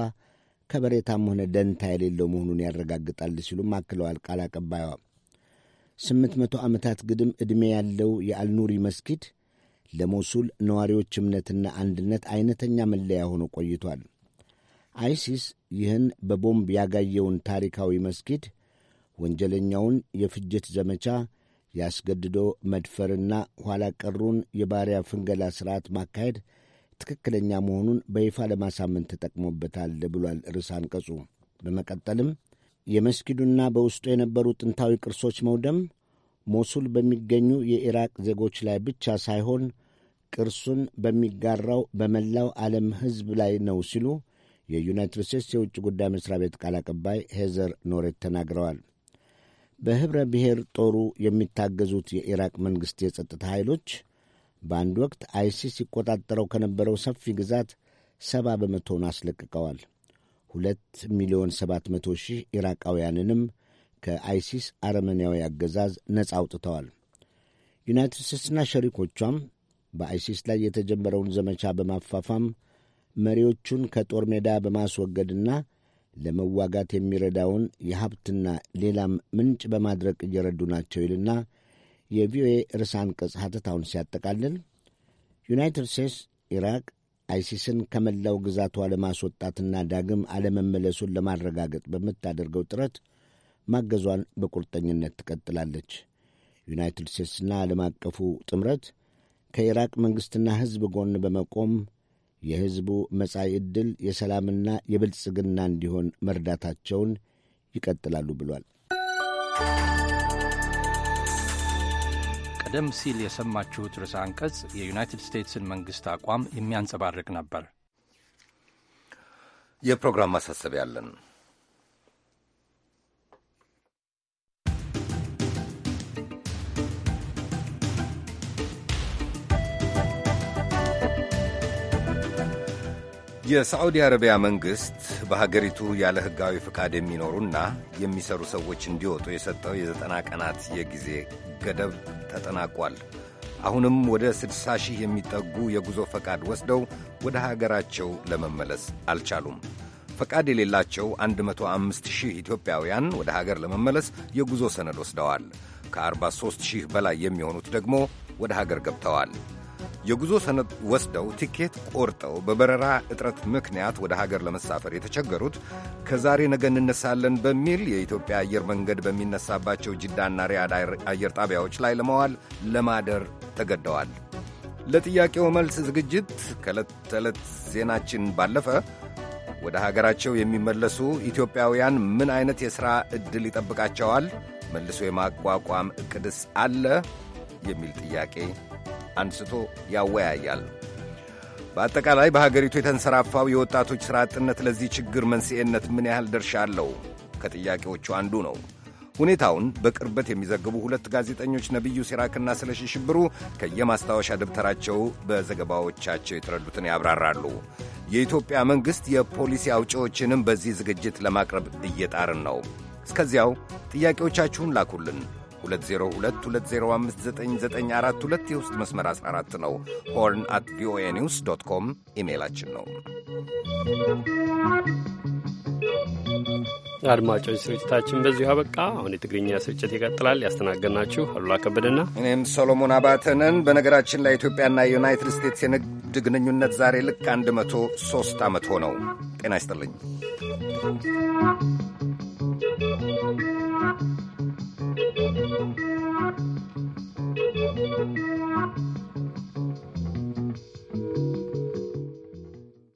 ከበሬታም ሆነ ደንታ የሌለው መሆኑን ያረጋግጣል ሲሉም አክለዋል ቃል አቀባይዋ። ስምንት መቶ ዓመታት ግድም ዕድሜ ያለው የአልኑሪ መስጊድ ለሞሱል ነዋሪዎች እምነትና አንድነት አይነተኛ መለያ ሆኖ ቆይቷል። አይሲስ ይህን በቦምብ ያጋየውን ታሪካዊ መስጊድ ወንጀለኛውን የፍጅት ዘመቻ ያስገድዶ መድፈርና ኋላ ቀሩን የባሪያ ፍንገላ ሥርዓት ማካሄድ ትክክለኛ መሆኑን በይፋ ለማሳመን ተጠቅሞበታል ብሏል ርዕስ አንቀጹ። በመቀጠልም የመስጊዱና በውስጡ የነበሩ ጥንታዊ ቅርሶች መውደም ሞሱል በሚገኙ የኢራቅ ዜጎች ላይ ብቻ ሳይሆን ቅርሱን በሚጋራው በመላው ዓለም ሕዝብ ላይ ነው ሲሉ የዩናይትድ ስቴትስ የውጭ ጉዳይ መሥሪያ ቤት ቃል አቀባይ ሄዘር ኖሬት ተናግረዋል። በኅብረ ብሔር ጦሩ የሚታገዙት የኢራቅ መንግሥት የጸጥታ ኃይሎች በአንድ ወቅት አይሲስ ይቆጣጠረው ከነበረው ሰፊ ግዛት ሰባ በመቶውን አስለቅቀዋል። ሁለት ሚሊዮን ሰባት መቶ ሺህ ኢራቃውያንንም ከአይሲስ አረመኔያዊ አገዛዝ ነጻ አውጥተዋል። ዩናይትድ ስቴትስና ሸሪኮቿም በአይሲስ ላይ የተጀመረውን ዘመቻ በማፋፋም መሪዎቹን ከጦር ሜዳ በማስወገድና ለመዋጋት የሚረዳውን የሀብትና ሌላም ምንጭ በማድረግ እየረዱ ናቸው ይልና የቪኦኤ ርዕሰ አንቀጽ ሀተታውን ሲያጠቃልል ዩናይትድ ስቴትስ ኢራቅ አይሲስን ከመላው ግዛቷ ለማስወጣትና ዳግም አለመመለሱን ለማረጋገጥ በምታደርገው ጥረት ማገዟን በቁርጠኝነት ትቀጥላለች። ዩናይትድ ስቴትስና ዓለም አቀፉ ጥምረት ከኢራቅ መንግሥትና ሕዝብ ጎን በመቆም የሕዝቡ መጻኢ ዕድል የሰላምና የብልጽግና እንዲሆን መርዳታቸውን ይቀጥላሉ ብሏል። ቀደም ሲል የሰማችሁት ርዕሰ አንቀጽ የዩናይትድ ስቴትስን መንግሥት አቋም የሚያንጸባርቅ ነበር። የፕሮግራም ማሳሰቢያ አለን። የሳዑዲ አረቢያ መንግሥት በሀገሪቱ ያለ ሕጋዊ ፍቃድ የሚኖሩና የሚሰሩ ሰዎች እንዲወጡ የሰጠው የዘጠና ቀናት የጊዜ ገደብ ተጠናቋል። አሁንም ወደ ስድሳ ሺህ የሚጠጉ የጉዞ ፈቃድ ወስደው ወደ ሀገራቸው ለመመለስ አልቻሉም። ፈቃድ የሌላቸው 105 ሺህ ኢትዮጵያውያን ወደ ሀገር ለመመለስ የጉዞ ሰነድ ወስደዋል። ከ43 ሺህ በላይ የሚሆኑት ደግሞ ወደ ሀገር ገብተዋል። የጉዞ ሰነድ ወስደው ቲኬት ቆርጠው በበረራ እጥረት ምክንያት ወደ ሀገር ለመሳፈር የተቸገሩት ከዛሬ ነገ እንነሳለን በሚል የኢትዮጵያ አየር መንገድ በሚነሳባቸው ጅዳና ሪያድ አየር ጣቢያዎች ላይ ለመዋል ለማደር ተገደዋል። ለጥያቄው መልስ ዝግጅት ከዕለት ተዕለት ዜናችን ባለፈ ወደ ሀገራቸው የሚመለሱ ኢትዮጵያውያን ምን ዐይነት የሥራ ዕድል ይጠብቃቸዋል? መልሶ የማቋቋም ዕቅድስ አለ? የሚል ጥያቄ አንስቶ ያወያያል። በአጠቃላይ በሀገሪቱ የተንሰራፋው የወጣቶች ሥራ አጥነት ለዚህ ችግር መንስኤነት ምን ያህል ድርሻ አለው? ከጥያቄዎቹ አንዱ ነው። ሁኔታውን በቅርበት የሚዘግቡ ሁለት ጋዜጠኞች ነቢዩ ሲራክና ስለሺ ሽብሩ ከየማስታወሻ ደብተራቸው በዘገባዎቻቸው የተረዱትን ያብራራሉ። የኢትዮጵያ መንግሥት የፖሊሲ አውጪዎችንም በዚህ ዝግጅት ለማቅረብ እየጣርን ነው። እስከዚያው ጥያቄዎቻችሁን ላኩልን። 2022059942 የውስጥ መስመር 14 ነው። ሆርን አት ቪኦኤ ኒውስ ዶት ኮም ኢሜይላችን ነው። አድማጮች ስርጭታችን በዚሁ አበቃ። አሁን የትግርኛ ስርጭት ይቀጥላል። ያስተናገድናችሁ አሉላ ከበደና እኔም ሰሎሞን አባተንን። በነገራችን ላይ ኢትዮጵያና ዩናይትድ ስቴትስ የንግድ ግንኙነት ዛሬ ልክ 103 ዓመት ሆነው። ጤና ይስጥልኝ።